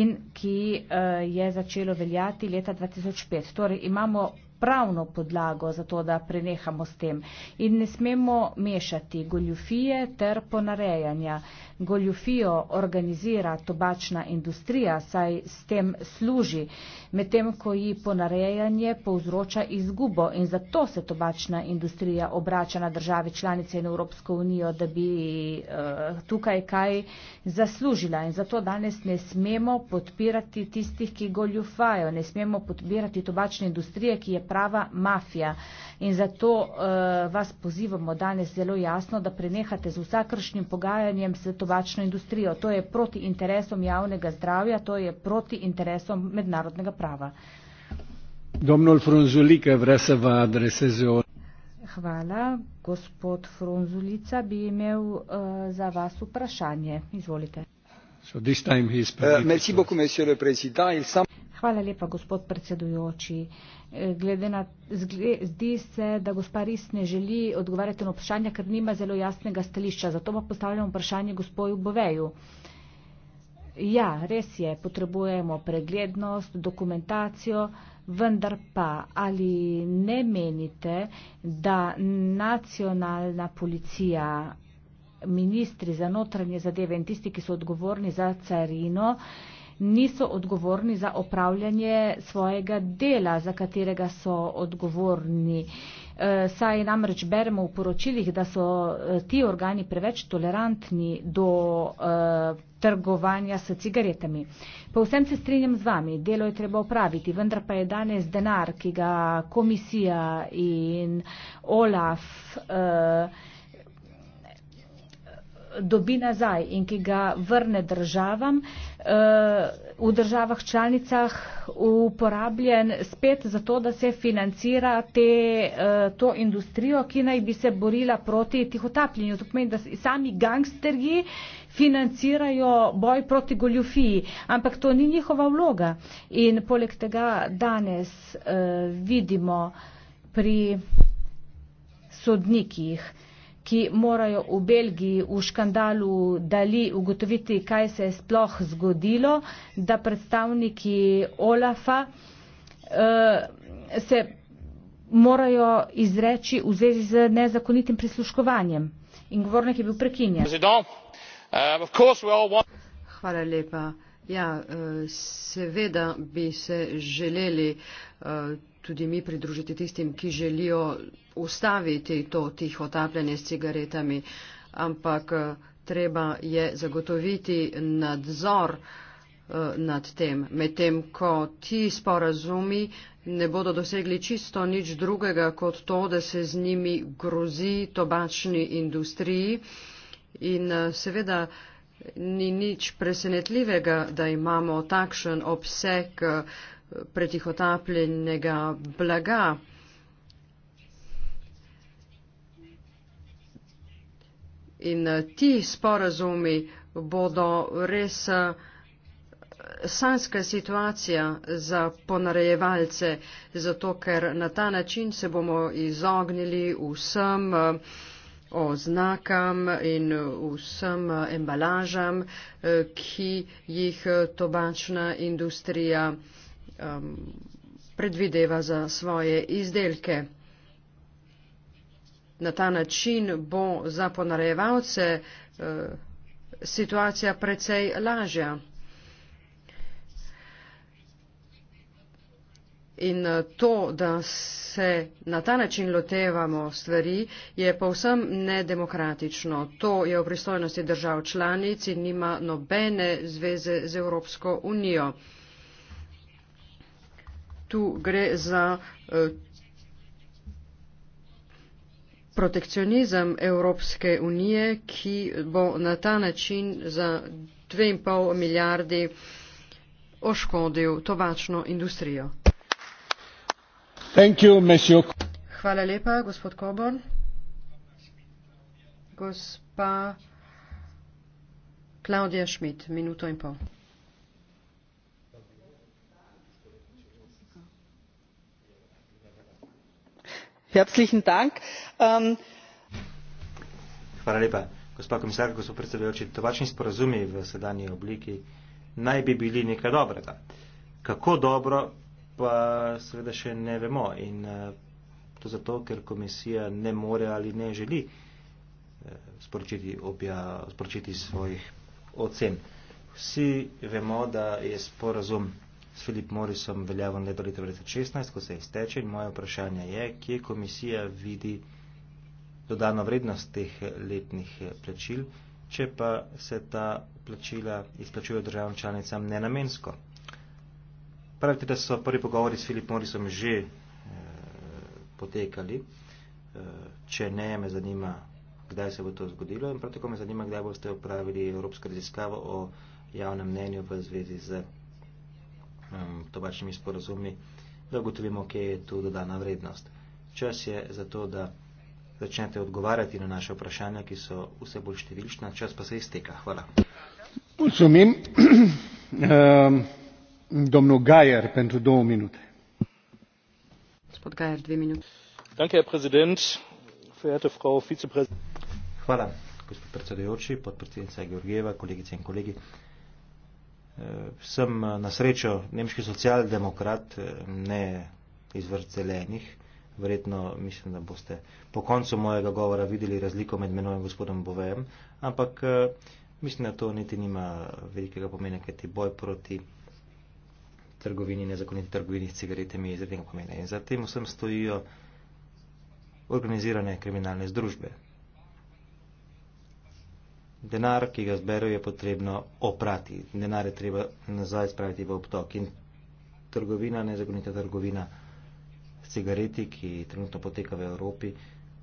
in ki uh, je začelo veljati leta 2005. Torej, imamo pravno podlago za to, da prenehamo s tem. In ne smemo mešati goljufije ter ponarejanja goljufijo organizira tobačna industrija, saj s tem služi, medtem ko ji ponarejanje povzroča izgubo in zato se tobačna industrija obrača na države članice in Evropsko unijo, da bi uh, tukaj kaj zaslužila. In zato danes ne smemo podpirati tistih, ki goljufajo, ne smemo podpirati tobačne industrije, ki je prava mafija. In zato uh, vas pozivamo danes zelo jasno, da prenehate z vsakršnim pogajanjem s tobačnimi industrijami, tobačno industrijo. To je proti interesom javnega zdravja, to je proti interesom mednarodnega prava. Domnul Frunzuli, kaj vre se va adrese z on? Hvala. Gospod Frunzulica bi imel uh, za vas vprašanje. Izvolite. So this time he is uh, merci beaucoup, monsieur le président. Il sam... Hvala lepa, gospod predsedujoči. E, glede na, zgle, zdi se, da gospa Ris ne želi odgovarjati na vprašanja, ker nima zelo jasnega stališča. Zato pa postavljamo vprašanje gospoju Boveju. Ja, res je, potrebujemo preglednost, dokumentacijo, vendar pa ali ne menite, da nacionalna policija, ministri za notranje zadeve in tisti, ki so odgovorni za carino, niso odgovorni za opravljanje svojega dela, za katerega so odgovorni. Eh, saj namreč beremo v poročilih, da so eh, ti organi preveč tolerantni do uh, trgovanja s cigaretami. Povsem se strinjam z vami, delo je treba opraviti, vendar pa je danes denar, ki ga komisija in OLAF uh, dobi nazaj in ki ga vrne državam, eh, v državah članicah uporabljen spet za to, da se financira te, eh, to industrijo, ki naj bi se borila proti tihotapljenju. To pomeni, da sami gangstergi financirajo boj proti goljufiji, ampak to ni njihova vloga. In poleg tega danes eh, vidimo pri sodnikih, ki morajo v Belgiji v škandalu Dali ugotoviti, kaj se je sploh zgodilo, da predstavniki OLAF-a uh, se morajo izreči v zvezi z nezakonitim prisluškovanjem. In govornik je bil prekinjen. Eh, Hvala lepa. Ja, eh, seveda bi se želeli. Uh, tudi mi pridružiti tistim, ki želijo ustaviti to tiho tapljanje s cigaretami, ampak eh, treba je zagotoviti nadzor eh, nad tem, medtem ko ti sporazumi ne bodo dosegli čisto nič drugega kot to, da se z njimi grozi tobačni industriji. In eh, seveda ni nič presenetljivega, da imamo takšen obseg uh, pretihotapljenega blaga. In eh, ti sporazumi bodo res eh, sanska situacija za ponarejevalce, zato ker na ta način se bomo izognili vsem eh, oznakam in vsem embalažam, ki jih tobačna industrija um, predvideva za svoje izdelke. Na ta način bo za ponarejevalce uh, situacija precej lažja. In uh, to, da se na ta način lotevamo stvari, je povsem nedemokratično. To je v pristojnosti držav članic in nima nobene zveze z Evropsko unijo. Tu gre za eh, protekcionizem Evropske unije, ki bo na ta način za 2,5 milijardi oškodil tobačno industrijo. You, Hvala lepa, gospod Coburn. Gospa Klaudija Schmidt, minuto in pol. herzlichen dank. Ähm, Hvala lepa. Gospod komisar, gospod predsedujoči, tovačni sporazumi v sedanji obliki naj bi bili nekaj dobrega. Kako dobro, pa seveda še ne vemo. In eh, to zato, ker komisija ne more ali ne želi eh, sporočiti, obja, sporočiti svojih ocen. Vsi vemo, da je sporazum S Filip Morisom veljavom leto 2016, ko se izteče in moje vprašanje je, kje komisija vidi dodano vrednost teh letnih plačil, če pa se ta plačila izplačuje državam članicam nenamensko. Pravite, da so prvi pogovori s Filip Morisom že e, potekali, e, če ne me zanima, kdaj se bo to zgodilo in prav tako me zanima, kdaj boste opravili evropsko raziskavo o javnem mnenju v zvezi z um, tobačnimi sporazumi, da ugotovimo, kje je tu dodana vrednost. Čas je za to, da začnete odgovarjati na naše vprašanja, ki so vse bolj številčna, čas pa se izteka. Hvala. Mulțumim. [clears throat] Domnul Gaier, pentru două minute. Gaier, două minute. Danke, Herr Präsident. Verehrte Frau Vizepräsidentin. Hvala, gospod predsedujoči, podpredsednica Georgieva, kolegice in kolegi. Eh, sem eh, na srečo nemški socialdemokrat, eh, ne iz vrst zelenih. Verjetno mislim, da boste po koncu mojega govora videli razliko med menoj in gospodom Bovem, ampak mislim, da to niti nima velikega pomena, ker ti boj proti trgovini, nezakoniti trgovini s cigaretami je izrednega pomena. In za tem vsem stojijo organizirane kriminalne združbe denar, ki ga zberajo, je potrebno oprati. Denar je treba nazaj spraviti v obtok. In trgovina, nezakonita trgovina s cigareti, ki trenutno poteka v Evropi,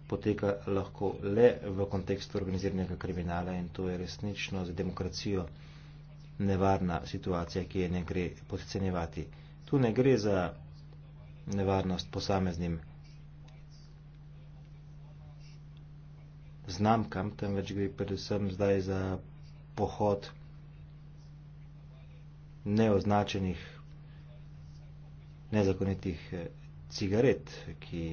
poteka lahko le v kontekstu organiziranega kriminala in to je resnično za demokracijo nevarna situacija, ki je ne gre podcenjevati. Tu ne gre za nevarnost posameznim. znamkam, temveč gre predvsem zdaj za pohod neoznačenih, nezakonitih eh, cigaret, ki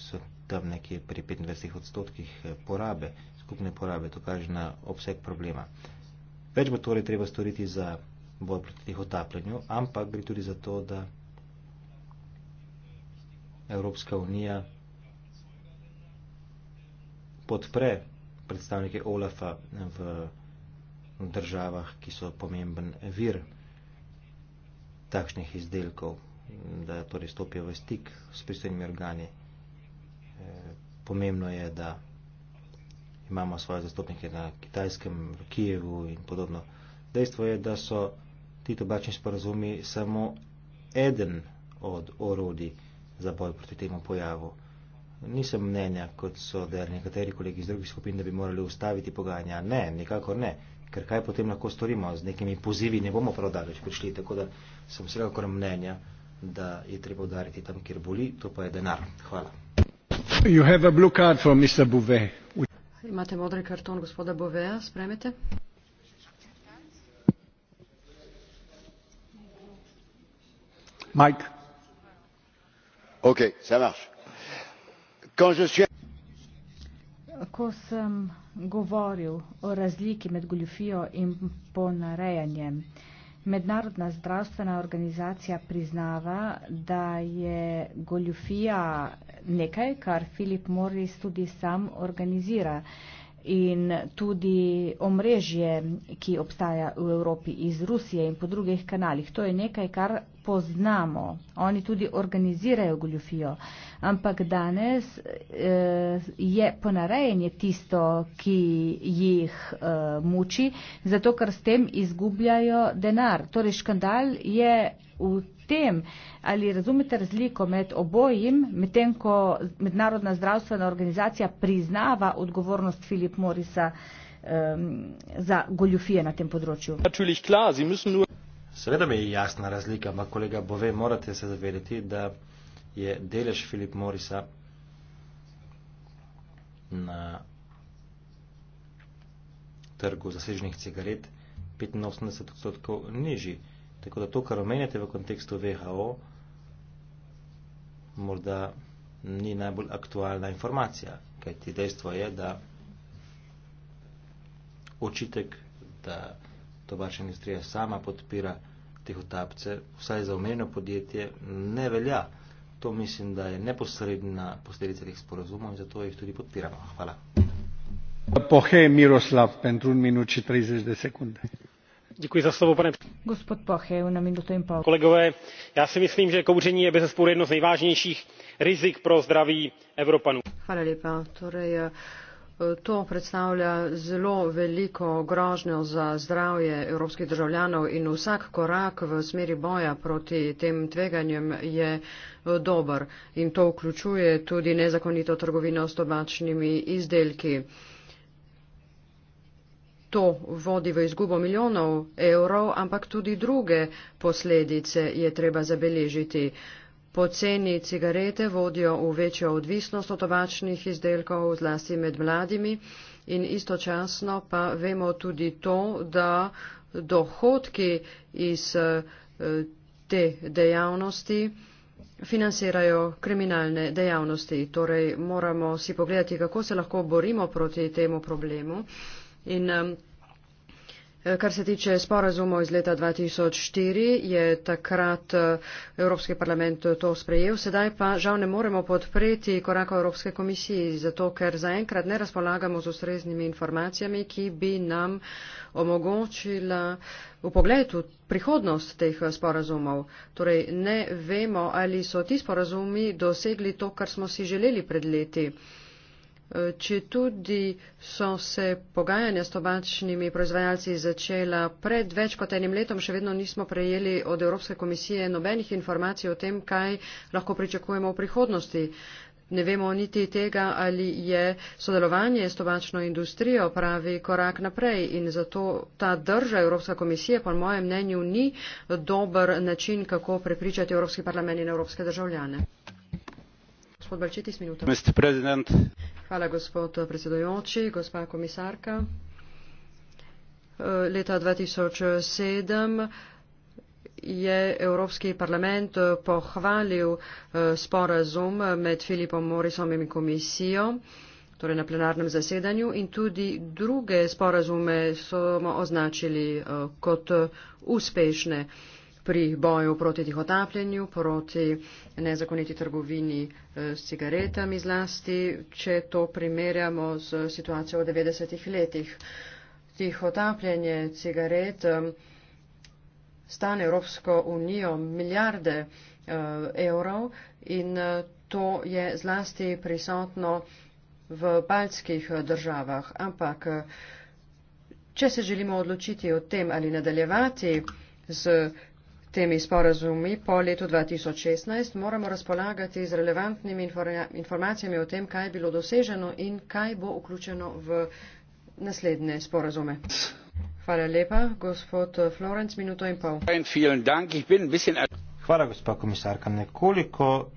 so tam nekje pri 25 odstotkih eh, porabe, skupne porabe, to kaže na obseg problema. Več bo torej treba storiti za boj proti tih otapljanju, ampak gre tudi za to, da Evropska unija podpre predstavnike OLAFA v državah, ki so pomemben vir takšnih izdelkov, da torej stopijo v stik s pristojnimi organi. Eh, pomembno je, da imamo svoje zastopnike na Kitajskem, v Kijevu in podobno. Dejstvo je, da so ti tobačni sporazumi samo eden od orodij za boj proti temu pojavu. Nisem mnenja, kot so nekateri kolegi iz drugih skupin, da bi morali ustaviti pogajanja. Ne, nikakor ne. Ker kaj potem lahko storimo? Z nekimi pozivi ne bomo prav daleč prišli. Tako da sem vsekakor mnenja, da je treba udariti tam, kjer boli, to pa je denar. Hvala. Imate modri karton gospoda Boveja, spremete? Mike. Ok, ça marche. Ko sem govoril o razliki med goljofijo in ponarejanjem, Mednarodna zdravstvena organizacija priznava, da je goljofija nekaj, kar Filip Morris tudi sam organizira in tudi omrežje, ki obstaja v Evropi iz Rusije in po drugih kanalih. To je nekaj, kar poznamo. Oni tudi organizirajo goljofijo. Ampak danes eh, je ponarejanje tisto, ki jih eh, muči, zato ker s tem izgubljajo denar. Torej škandal je v tem, ali razumete razliko med obojim, med tem, ko Mednarodna zdravstvena organizacija priznava odgovornost Filip Morisa eh, za goljofije na tem področju. Natürlich, klar, Seveda mi je jasna razlika, ampak kolega Bove, morate se zavedati, da je delež Filip Morisa na trgu zasežnih cigaret 85 odstotkov nižji. Tako da to, kar omenjate v kontekstu VHO, morda ni najbolj aktualna informacija, kajti dejstvo je, da očitek, da tobačna industrija sama podpira teh otapce, vsaj za omenjeno podjetje, ne velja. To mislim, da je neposredna posledica teh sporozumov in zato jih tudi podpiramo. Hvala. Pohe Miroslav, pentru un minut și 30 de secunde. Děkuji za slovo, pane Gospod Pache, na minutu jim pal. Kolegové, já si myslím, že kouření je bez jedno z nejvážnějších rizik pro zdraví Evropanů. Hvala lepa. Torej, uh... To predstavlja zelo veliko grožnjo za zdravje evropskih državljanov in vsak korak v smeri boja proti tem tveganjem je eh, dober in to vključuje tudi nezakonito trgovino s tobačnimi izdelki. To vodi v izgubo milijonov evrov, ampak tudi druge posledice je treba zabeležiti. Poceni cigarete vodijo v večjo odvisnost od tobačnih izdelkov, zlasti med mladimi, in istočasno pa vemo tudi to, da dohodki iz eh, te dejavnosti financirajo kriminalne dejavnosti. Torej moramo si pogledati, kako se lahko borimo proti temu problemu. In, um, Eh, kar se tiče sporazumov iz leta 2004, je takrat eh, Evropski parlament eh, to sprejel. Sedaj pa žal ne moremo podpreti koraka Evropske komisije, zato ker zaenkrat ne razpolagamo z ustreznimi informacijami, ki bi nam omogočila v pogledu prihodnost teh sporazumov. Torej ne vemo, ali so ti sporazumi dosegli to, kar smo si želeli pred leti. Četudi so se pogajanja s tobačnimi proizvajalci začela pred več kot enim letom, še vedno nismo prejeli od Evropske komisije nobenih informacij o tem, kaj lahko pričakujemo v prihodnosti. Ne vemo niti tega, ali je sodelovanje s tobačno industrijo pravi korak naprej in zato ta drža Evropska komisija, po mojem mnenju, ni dober način, kako prepričati Evropski parlament in Evropske državljane. Hvala, gospod predsedojoči, gospa komisarka. Leta 2007 je Evropski parlament pohvalil eh, sporazum med Filipom Morisom in komisijo torej na plenarnem zasedanju in tudi druge sporazume so označili eh, kot uspešne pri boju proti tihotapljenju, proti nezakoniti trgovini eh, s cigaretami zlasti, če to primerjamo z situacijo v 90-ih letih. Tihotapljenje cigaret eh, stane Evropsko unijo milijarde eh, evrov in to je zlasti prisotno v baltskih državah. Ampak, če se želimo odločiti o tem ali nadaljevati z temi sporazumi po letu 2016, moramo razpolagati z relevantnimi informacijami o tem, kaj je bilo doseženo in kaj bo vključeno v naslednje sporazume. Hvala lepa, gospod Florenc, minuto in pol. Hvala, gospod komisarka. Nekoliko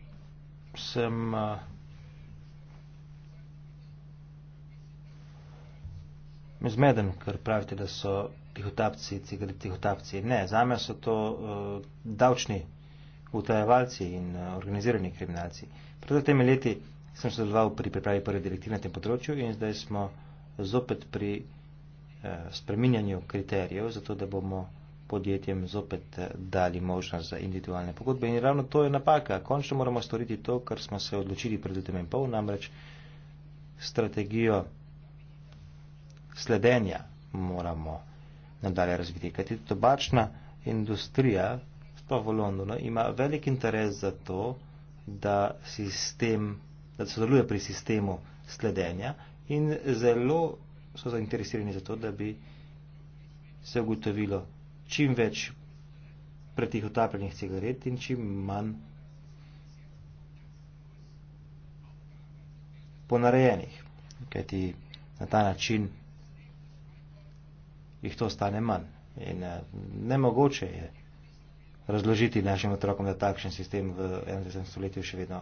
sem. Uh, zmeden, ker pravite, da so tihotapci, cigare, tihotapci. Ne, zame so to uh, davčni utajevalci in uh, organizirani kriminalci. Pred temi leti sem sodeloval pri pripravi prve direktive na tem področju in zdaj smo zopet pri uh, spreminjanju kriterijev, zato da bomo podjetjem zopet dali možnost za individualne pogodbe. In ravno to je napaka. Končno moramo storiti to, kar smo se odločili pred letom in pol, namreč strategijo sledenja moramo nadalje razviti. Kajti tobačna industrija, sploh v Londonu, ima velik interes za to, da, sistem, da sodeluje pri sistemu sledenja in zelo so zainteresirani za to, da bi se ugotovilo čim več pretih otapljenih cigaret in čim manj ponarejenih. Kajti na ta način jih to stane manj. In uh, nemogoče je razložiti našim otrokom, da takšen sistem v 21. stoletju še vedno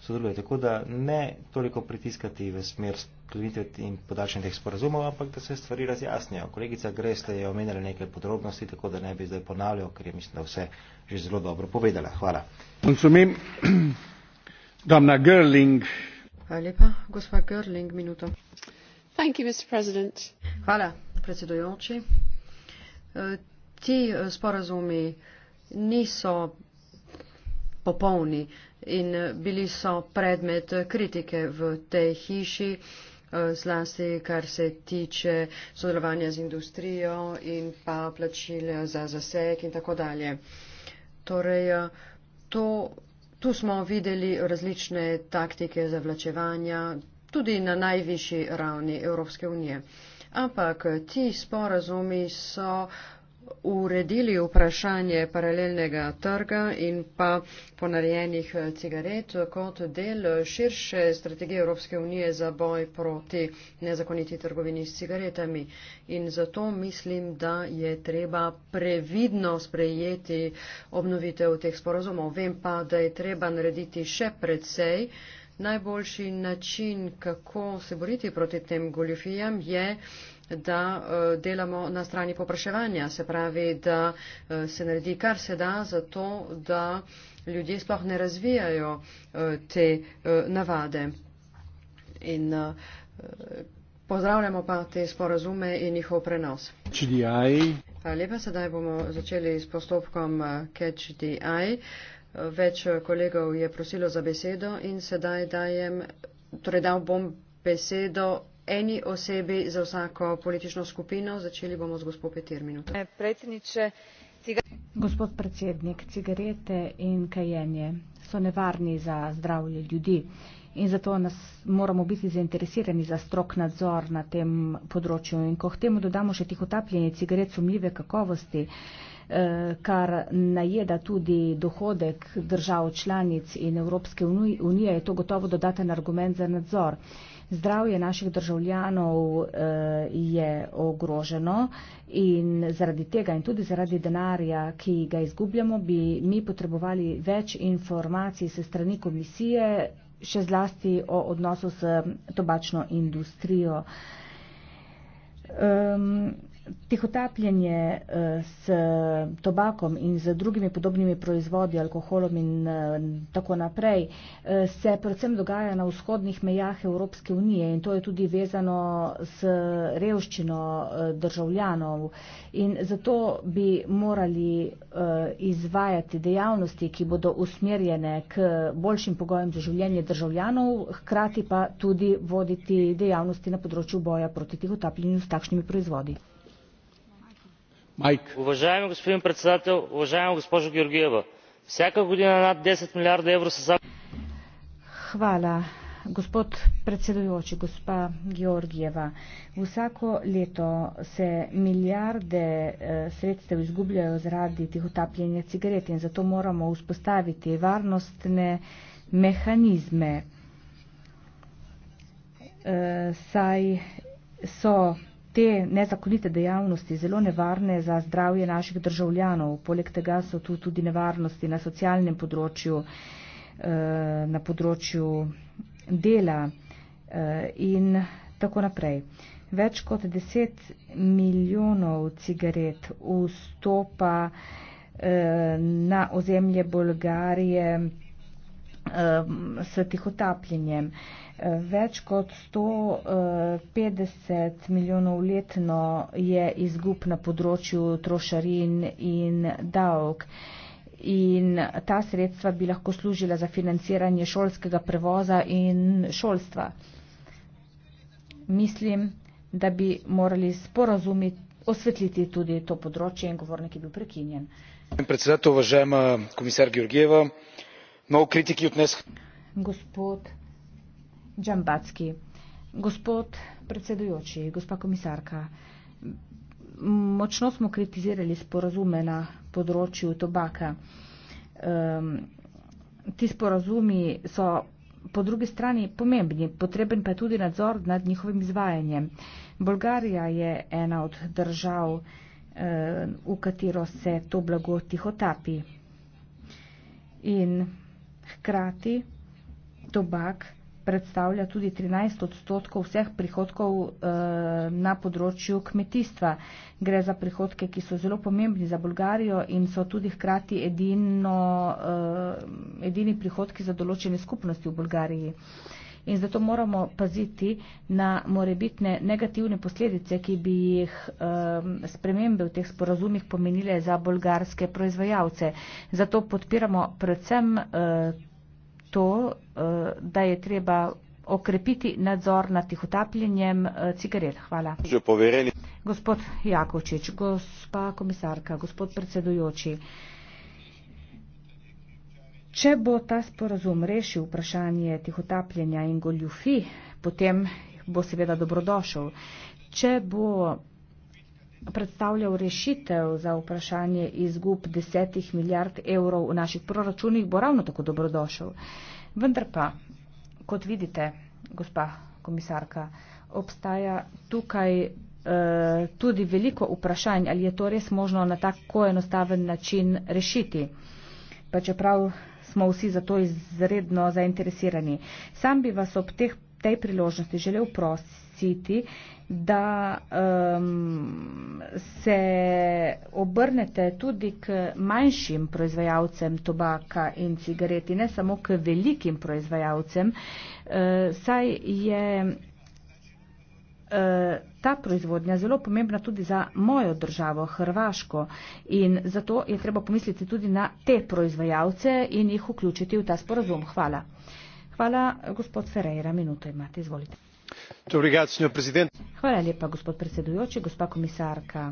sodeluje. Tako da ne toliko pritiskati v smer sklenitve in podaljšanja teh sporazumov, ampak da se stvari razjasnijo. Kolegica Greste je omenjala nekaj podrobnosti, tako da ne bi zdaj ponavljal, ker je mislim, da vse že zelo dobro povedala. Hvala. [clears throat] Damna Gerling. Hvala lepa. Gospa Gerling, minuto. Thank you, Mr. President. Hvala predsedojoči. E, ti e, sporazumi niso popolni in e, bili so predmet kritike v tej hiši, zlasti kar se tiče sodelovanja z industrijo in pa plačila za zasek in tako dalje. Torej, to, tu smo videli različne taktike zavlačevanja, tudi na najvišji ravni Evropske unije ampak ti sporazumi so uredili vprašanje paralelnega trga in pa ponarejenih eh, cigaret kot del širše strategije Evropske unije za boj proti nezakoniti trgovini s cigaretami. In zato mislim, da je treba previdno sprejeti obnovitev teh sporazumov. Vem pa, da je treba narediti še predsej, uh, najboljši način, kako se boriti proti tem goljofijam, je da eh, delamo na strani popraševanja, se pravi, da eh, se naredi kar se da za to, da ljudje sploh ne razvijajo eh, te navade. In pozdravljamo pa te sporazume in njihov prenos. Hvala lepa, sedaj bomo začeli s postopkom Catch the Eye. Več kolegov je prosilo za besedo in sedaj dajem, torej dal bom besedo eni osebi za vsako politično skupino. Začeli bomo z gospod Petir minuto. E, gospod predsednik, cigarete in kajenje so nevarni za zdravje ljudi in zato nas moramo biti zainteresirani za strok nadzor na tem področju. In ko k temu dodamo še tih utapljenih cigaret sumljive kakovosti, Eh, kar najeda tudi dohodek držav članic in Evropske unije, je to gotovo dodaten argument za nadzor. Zdravje naših državljanov eh, je ogroženo in zaradi tega in tudi zaradi denarja, ki ga izgubljamo, bi mi potrebovali več informacij se strani komisije, še zlasti o odnosu s tobačno industrijo. Um, Tihotapljenje eh, s tobakom in z drugimi podobnimi proizvodi, alkoholom in eh, tako naprej, eh, se predvsem dogaja na vzhodnih mejah Evropske unije in to je tudi vezano s revščino državljanov. In zato bi morali izvajati dejavnosti, ki bodo usmerjene k boljšim pogojem za življenje državljanov, hkrati pa tudi voditi dejavnosti na področju boja proti tihotapljenju s takšnimi proizvodi уважаеми господин председател уважаема госпожо георгиева всяка година над десет милиарда евро са загуба. Hvala, gospod predsedujoči, gospa Georgijeva. Vsako leto se milijarde sredstev izgubljajo zaradi tih utapljenja cigaret in zato moramo vzpostaviti varnostne mehanizme. Saj so te nezakonite dejavnosti zelo nevarne za zdravje naših državljanov. Poleg tega so tu tudi nevarnosti na socialnem področju, eh, na področju dela eh, in tako naprej. Več kot 10 milijonov cigaret vstopa eh, na ozemlje Bolgarije Um, s tihotapljenjem. Uh, več kot 150 uh, milijonov letno je izgub na področju trošarin in davk. In ta sredstva bi lahko služila za financiranje šolskega prevoza in šolstva. Mislim, da bi morali sporazumiti, osvetliti tudi to področje in govornik je bil prekinjen. Predsedatelj, uvažena komisar Georgijeva, много критики отнесаха. Господ Джамбацки, господ председующий, госпа комисарка, močno smo kritizirali sporazume na področju tobaka. Um, ti sporazumi so po drugi strani pomembni, potreben pa je tudi nadzor nad njihovim izvajanjem. Bolgarija je ena od držav, um, v katero se to blago tihotapi. In Hkrati tobak predstavlja tudi 13 odstotkov vseh prihodkov eh, na področju kmetijstva. Gre za prihodke, ki so zelo pomembni za Bolgarijo in so tudi hkrati edino, eh, edini prihodki za določene skupnosti v Bolgariji. Eh, in zato moramo paziti na morebitne negativne posledice, ki bi jih um, spremembe v teh sporazumih pomenile za bolgarske proizvajalce. Zato podpiramo predvsem uh, to, uh, da je treba okrepiti nadzor nad tih utapljenjem uh, eh, cigaret. Hvala. Gospod Jakovčič, gospa komisarka, gospod predsedujoči. Uh, Če bo ta sporazum rešil vprašanje tihotapljenja in goljufi, potem bo seveda dobrodošel. Če bo predstavljal rešitev za vprašanje izgub desetih milijard evrov v naših proračunih, bo ravno tako dobrodošel. Vendar pa, kot vidite, gospa komisarka, obstaja tukaj eh, tudi veliko vprašanj, ali je to res možno na tako enostaven način rešiti. Pa čeprav smo vsi zato izredno zainteresirani. Sam bi vas ob teh, tej priložnosti želel prositi, da um, se obrnete tudi k manjšim proizvajalcem tobaka in cigareti, ne samo k velikim proizvajalcem, uh, saj je Eh, ta proizvodnja zelo pomembna tudi za mojo državo, Hrvaško. In zato je treba pomisliti tudi na te proizvajalce in jih vključiti v ta sporozum. Hvala. Hvala, gospod Ferreira. Minuto imate. Izvolite. Hvala lepa, gospod predsedujoči, gospa komisarka.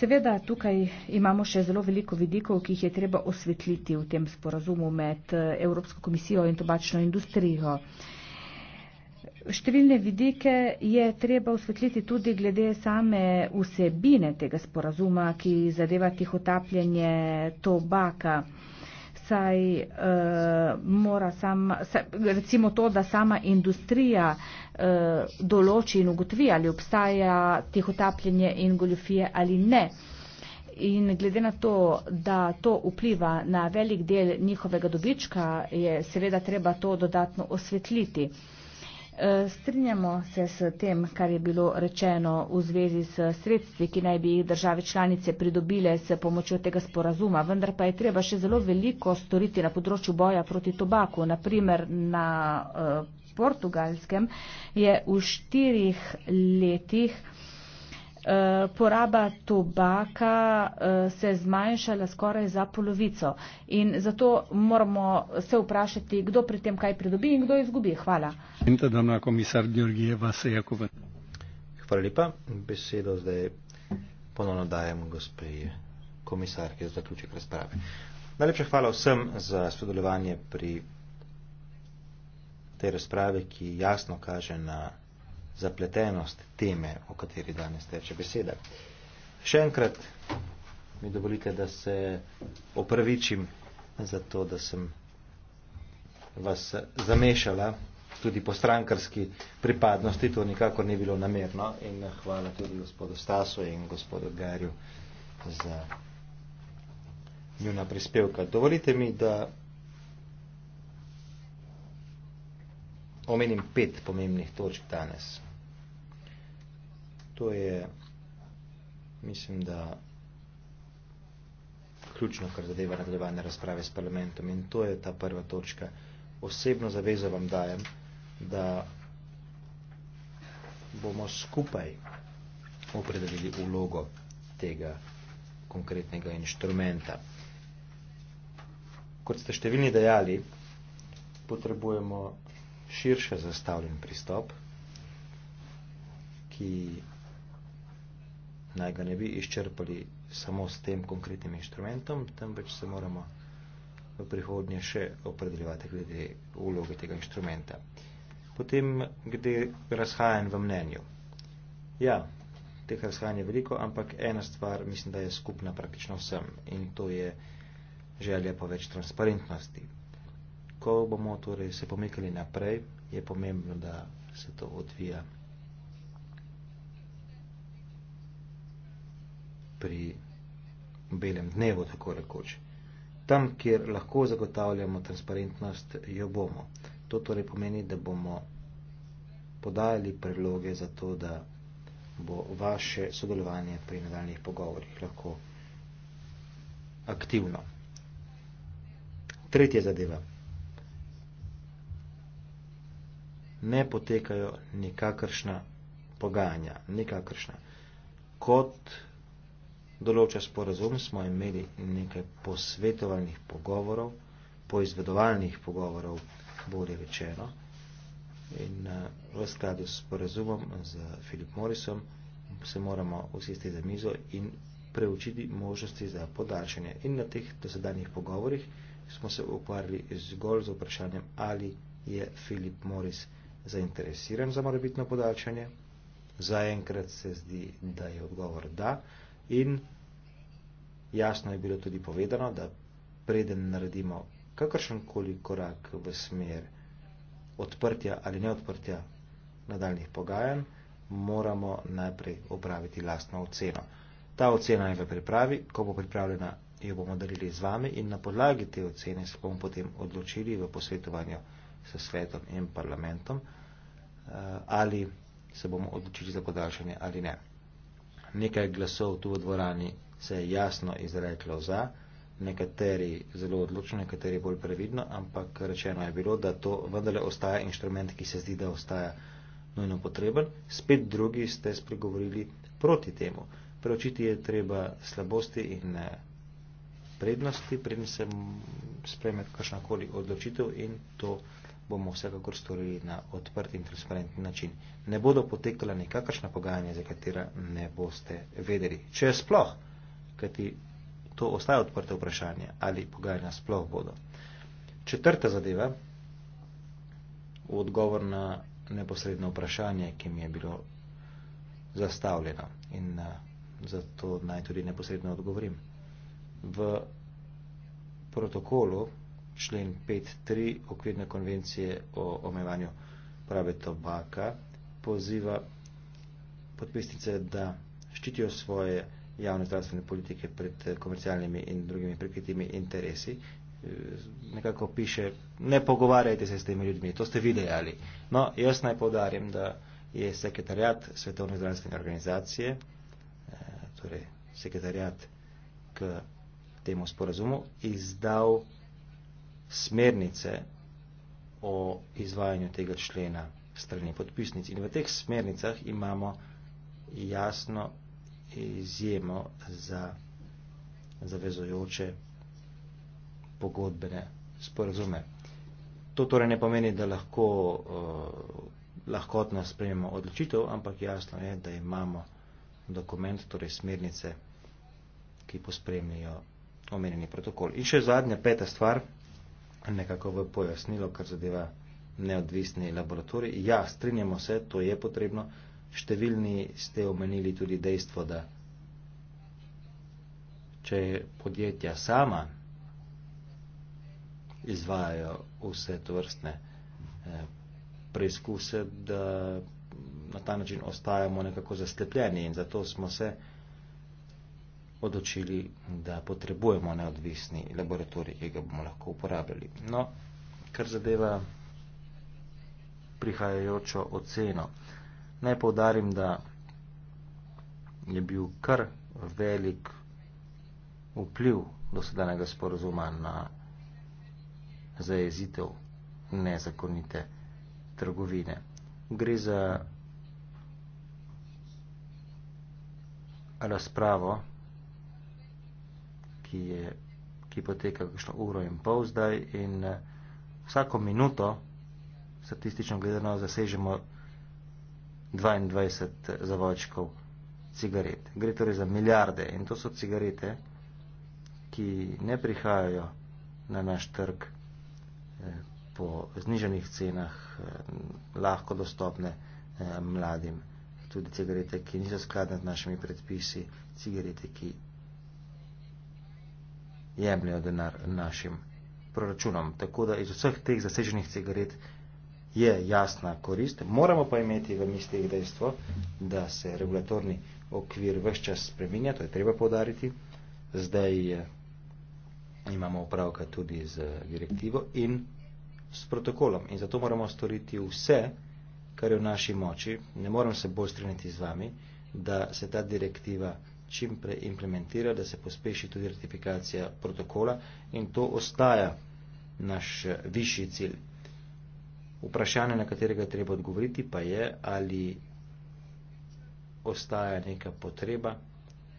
Seveda tukaj imamo še zelo veliko vidikov, ki jih je treba osvetliti v tem sporazumu med eh, Evropsko komisijo in tobačno industrijo. Uh, Številne vidike je treba osvetliti tudi glede same vsebine tega sporazuma, ki zadeva tih otapljanje tobaka. Saj e, mora sam, saj, recimo to, da sama industrija e, določi in ugotovi, ali obstaja tih otapljanje in goljofije ali ne. In glede na to, da to vpliva na velik del njihovega dobička, je seveda treba to dodatno osvetliti. Eh, strinjamo se s tem, kar je bilo rečeno v zvezi s sredstvi, ki naj bi jih države članice pridobile s pomočjo tega sporazuma, vendar pa je treba še zelo veliko storiti na področju boja proti tobaku. Naprimer, na uh, portugalskem je v štirih letih uh, Eh, poraba tobaka eh, se je zmanjšala skoraj za polovico. In zato moramo se vprašati, kdo pri tem kaj pridobi in kdo izgubi. Hvala. Hvala lepa. Besedo zdaj ponovno dajem gospej komisarki za zaključek razprave. Najlepša hvala vsem za sodelovanje pri tej razprave, ki jasno kaže na zapletenost teme, o kateri danes teče beseda. Še enkrat mi dovolite, da se opravičim za to, da sem vas zamešala tudi po strankarski pripadnosti, to nikako ni bilo namerno in hvala tudi gospodu Stasu in gospodu Garju za njuna prispevka. Dovolite mi, da omenim pet pomembnih točk danes. To je, mislim, da ključno, kar zadeva nadaljevanje razprave s parlamentom in to je ta prva točka. Osebno zavezo vam dajem, da bomo skupaj opredelili vlogo tega konkretnega inštrumenta. Kot ste številni dejali, potrebujemo širše zastavljen pristop, ki naj ga ne bi izčrpali samo s tem konkretnim inštrumentom, temveč se moramo v prihodnje še opredeljevati glede uloge tega inštrumenta. Potem, glede razhajanj v mnenju. Ja, teh razhajanj je veliko, ampak ena stvar mislim, da je skupna praktično vsem in to je želja po več transparentnosti ko bomo torej se pomikali naprej, je pomembno, da se to odvija pri belem dnevu, tako rekoč. Tam, kjer lahko zagotavljamo transparentnost, jo bomo. To torej pomeni, da bomo podajali predloge za to, da bo vaše sodelovanje pri nadaljnih pogovorih lahko aktivno. Tretja zadeva. ne potekajo nikakršna pogajanja, nikakršna. Kot določa sporazum, smo imeli nekaj posvetovalnih pogovorov, poizvedovalnih pogovorov, bolje rečeno, in eh, v skladu s sporazumom z Filip Morisom se moramo usesti za mizo in preučiti možnosti za podaljšanje. In na teh dosedanjih pogovorih smo se ukvarjali zgolj z vprašanjem, ali je Filip Moris zainteresiran za morebitno podaljšanje. Zaenkrat se zdi, da je odgovor da in jasno je bilo tudi povedano, da preden naredimo kakršenkoli korak v smer odprtja ali neodprtja nadaljnih pogajanj, moramo najprej opraviti lastno oceno. Ta ocena je v pripravi, ko bo pripravljena, jo bomo delili z vami in na podlagi te ocene se bomo potem odločili v posvetovanju s svetom in parlamentom, eh, ali se bomo odločili za podaljšanje ali ne. Nekaj glasov tu v dvorani se je jasno izreklo za, nekateri zelo odločno, nekateri bolj previdno, ampak rečeno je bilo, da to vendarle ostaja inštrument, ki se zdi, da ostaja nujno potreben. Spet drugi ste spregovorili proti temu. Preočiti je treba slabosti in eh, prednosti, predtem se sprejme kakšnakoli odločitev in to bomo vsekakor storili na odprt in transparentni način. Ne bodo potekala nekakršna pogajanja, za katera ne boste vedeli. Če sploh, kajti to ostaje odprte vprašanje, ali pogajanja sploh bodo. Četrta zadeva, v odgovor na neposredno vprašanje, ki mi je bilo zastavljeno in eh, zato naj tudi neposredno odgovorim. V protokolu člen 5.3 okvirne konvencije o omejevanju prave tobaka poziva podpisnice, da ščitijo svoje javne zdravstvene politike pred komercialnimi in drugimi prikritimi interesi. Nekako piše, ne pogovarjajte se s temi ljudmi, to ste videli. No, jaz naj povdarim, da je sekretarjat Svetovne zdravstvene organizacije, eh, torej sekretarjat k temu sporazumu, izdal smernice o izvajanju tega člena strani podpisnic. In v teh smernicah imamo jasno izjemo za zavezojoče pogodbene sporazume. To torej ne pomeni, da lahko uh, lahkotno sprejemo odločitev, ampak jasno je, da imamo dokument, torej smernice, ki pospremljajo omenjeni protokol. In še zadnja, peta stvar, nekako v pojasnilo, kar zadeva neodvisni laboratorij. Ja, strinjamo se, to je potrebno. Številni ste omenili tudi dejstvo, da če podjetja sama izvajajo vse to vrstne eh, preizkuse, da na ta način ostajamo nekako zaslepljeni in zato smo se odločili, da potrebujemo neodvisni laboratorij, ki ga bomo lahko uporabljali. No, kar zadeva prihajajočo oceno. Naj povdarim, da je bil kar velik vpliv dosedanega sporozuma na zajezitev nezakonite trgovine. Gre za razpravo, ki, je, ki poteka kakšno uro in pol zdaj in eh, vsako minuto, statistično gledano, zasežemo 22 eh, zavočkov cigaret. Gre torej za milijarde in to so cigarete, ki ne prihajajo na naš trg eh, po zniženih cenah, lahko dostopne mladim. Tudi cigarete, ki niso skladne z našimi predpisi, cigarete, ki jemljajo denar našim proračunom. Tako da iz vseh teh zaseženih cigaret je jasna korist. Moramo pa imeti v mislih dejstvo, da se regulatorni okvir vse čas spreminja, to je treba povdariti. Zdaj eh, imamo upravka tudi z direktivo in s protokolom. In zato moramo storiti vse, kar je v naši moči. Ne morem se bolj strinjati z vami, da se ta direktiva čim prej implementira, da se pospeši tudi ratifikacija protokola in to ostaja naš eh, višji cilj. Vprašanje, na katerega treba odgovoriti, pa je, ali ostaja neka potreba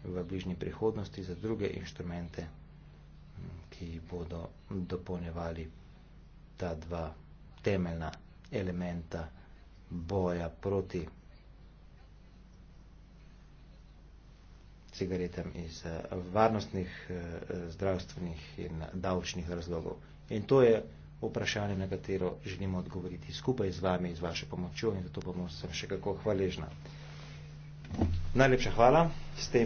v bližnji prihodnosti za druge inštrumente, ki bodo dopolnjevali ta dva temeljna elementa boja proti cigaretam iz eh, varnostnih, eh, zdravstvenih in davčnih razlogov. In to je vprašanje, na katero želimo odgovoriti skupaj z vami, z vašo pomočjo in zato bomo sem še kako hvaležna. Najlepša hvala. S tem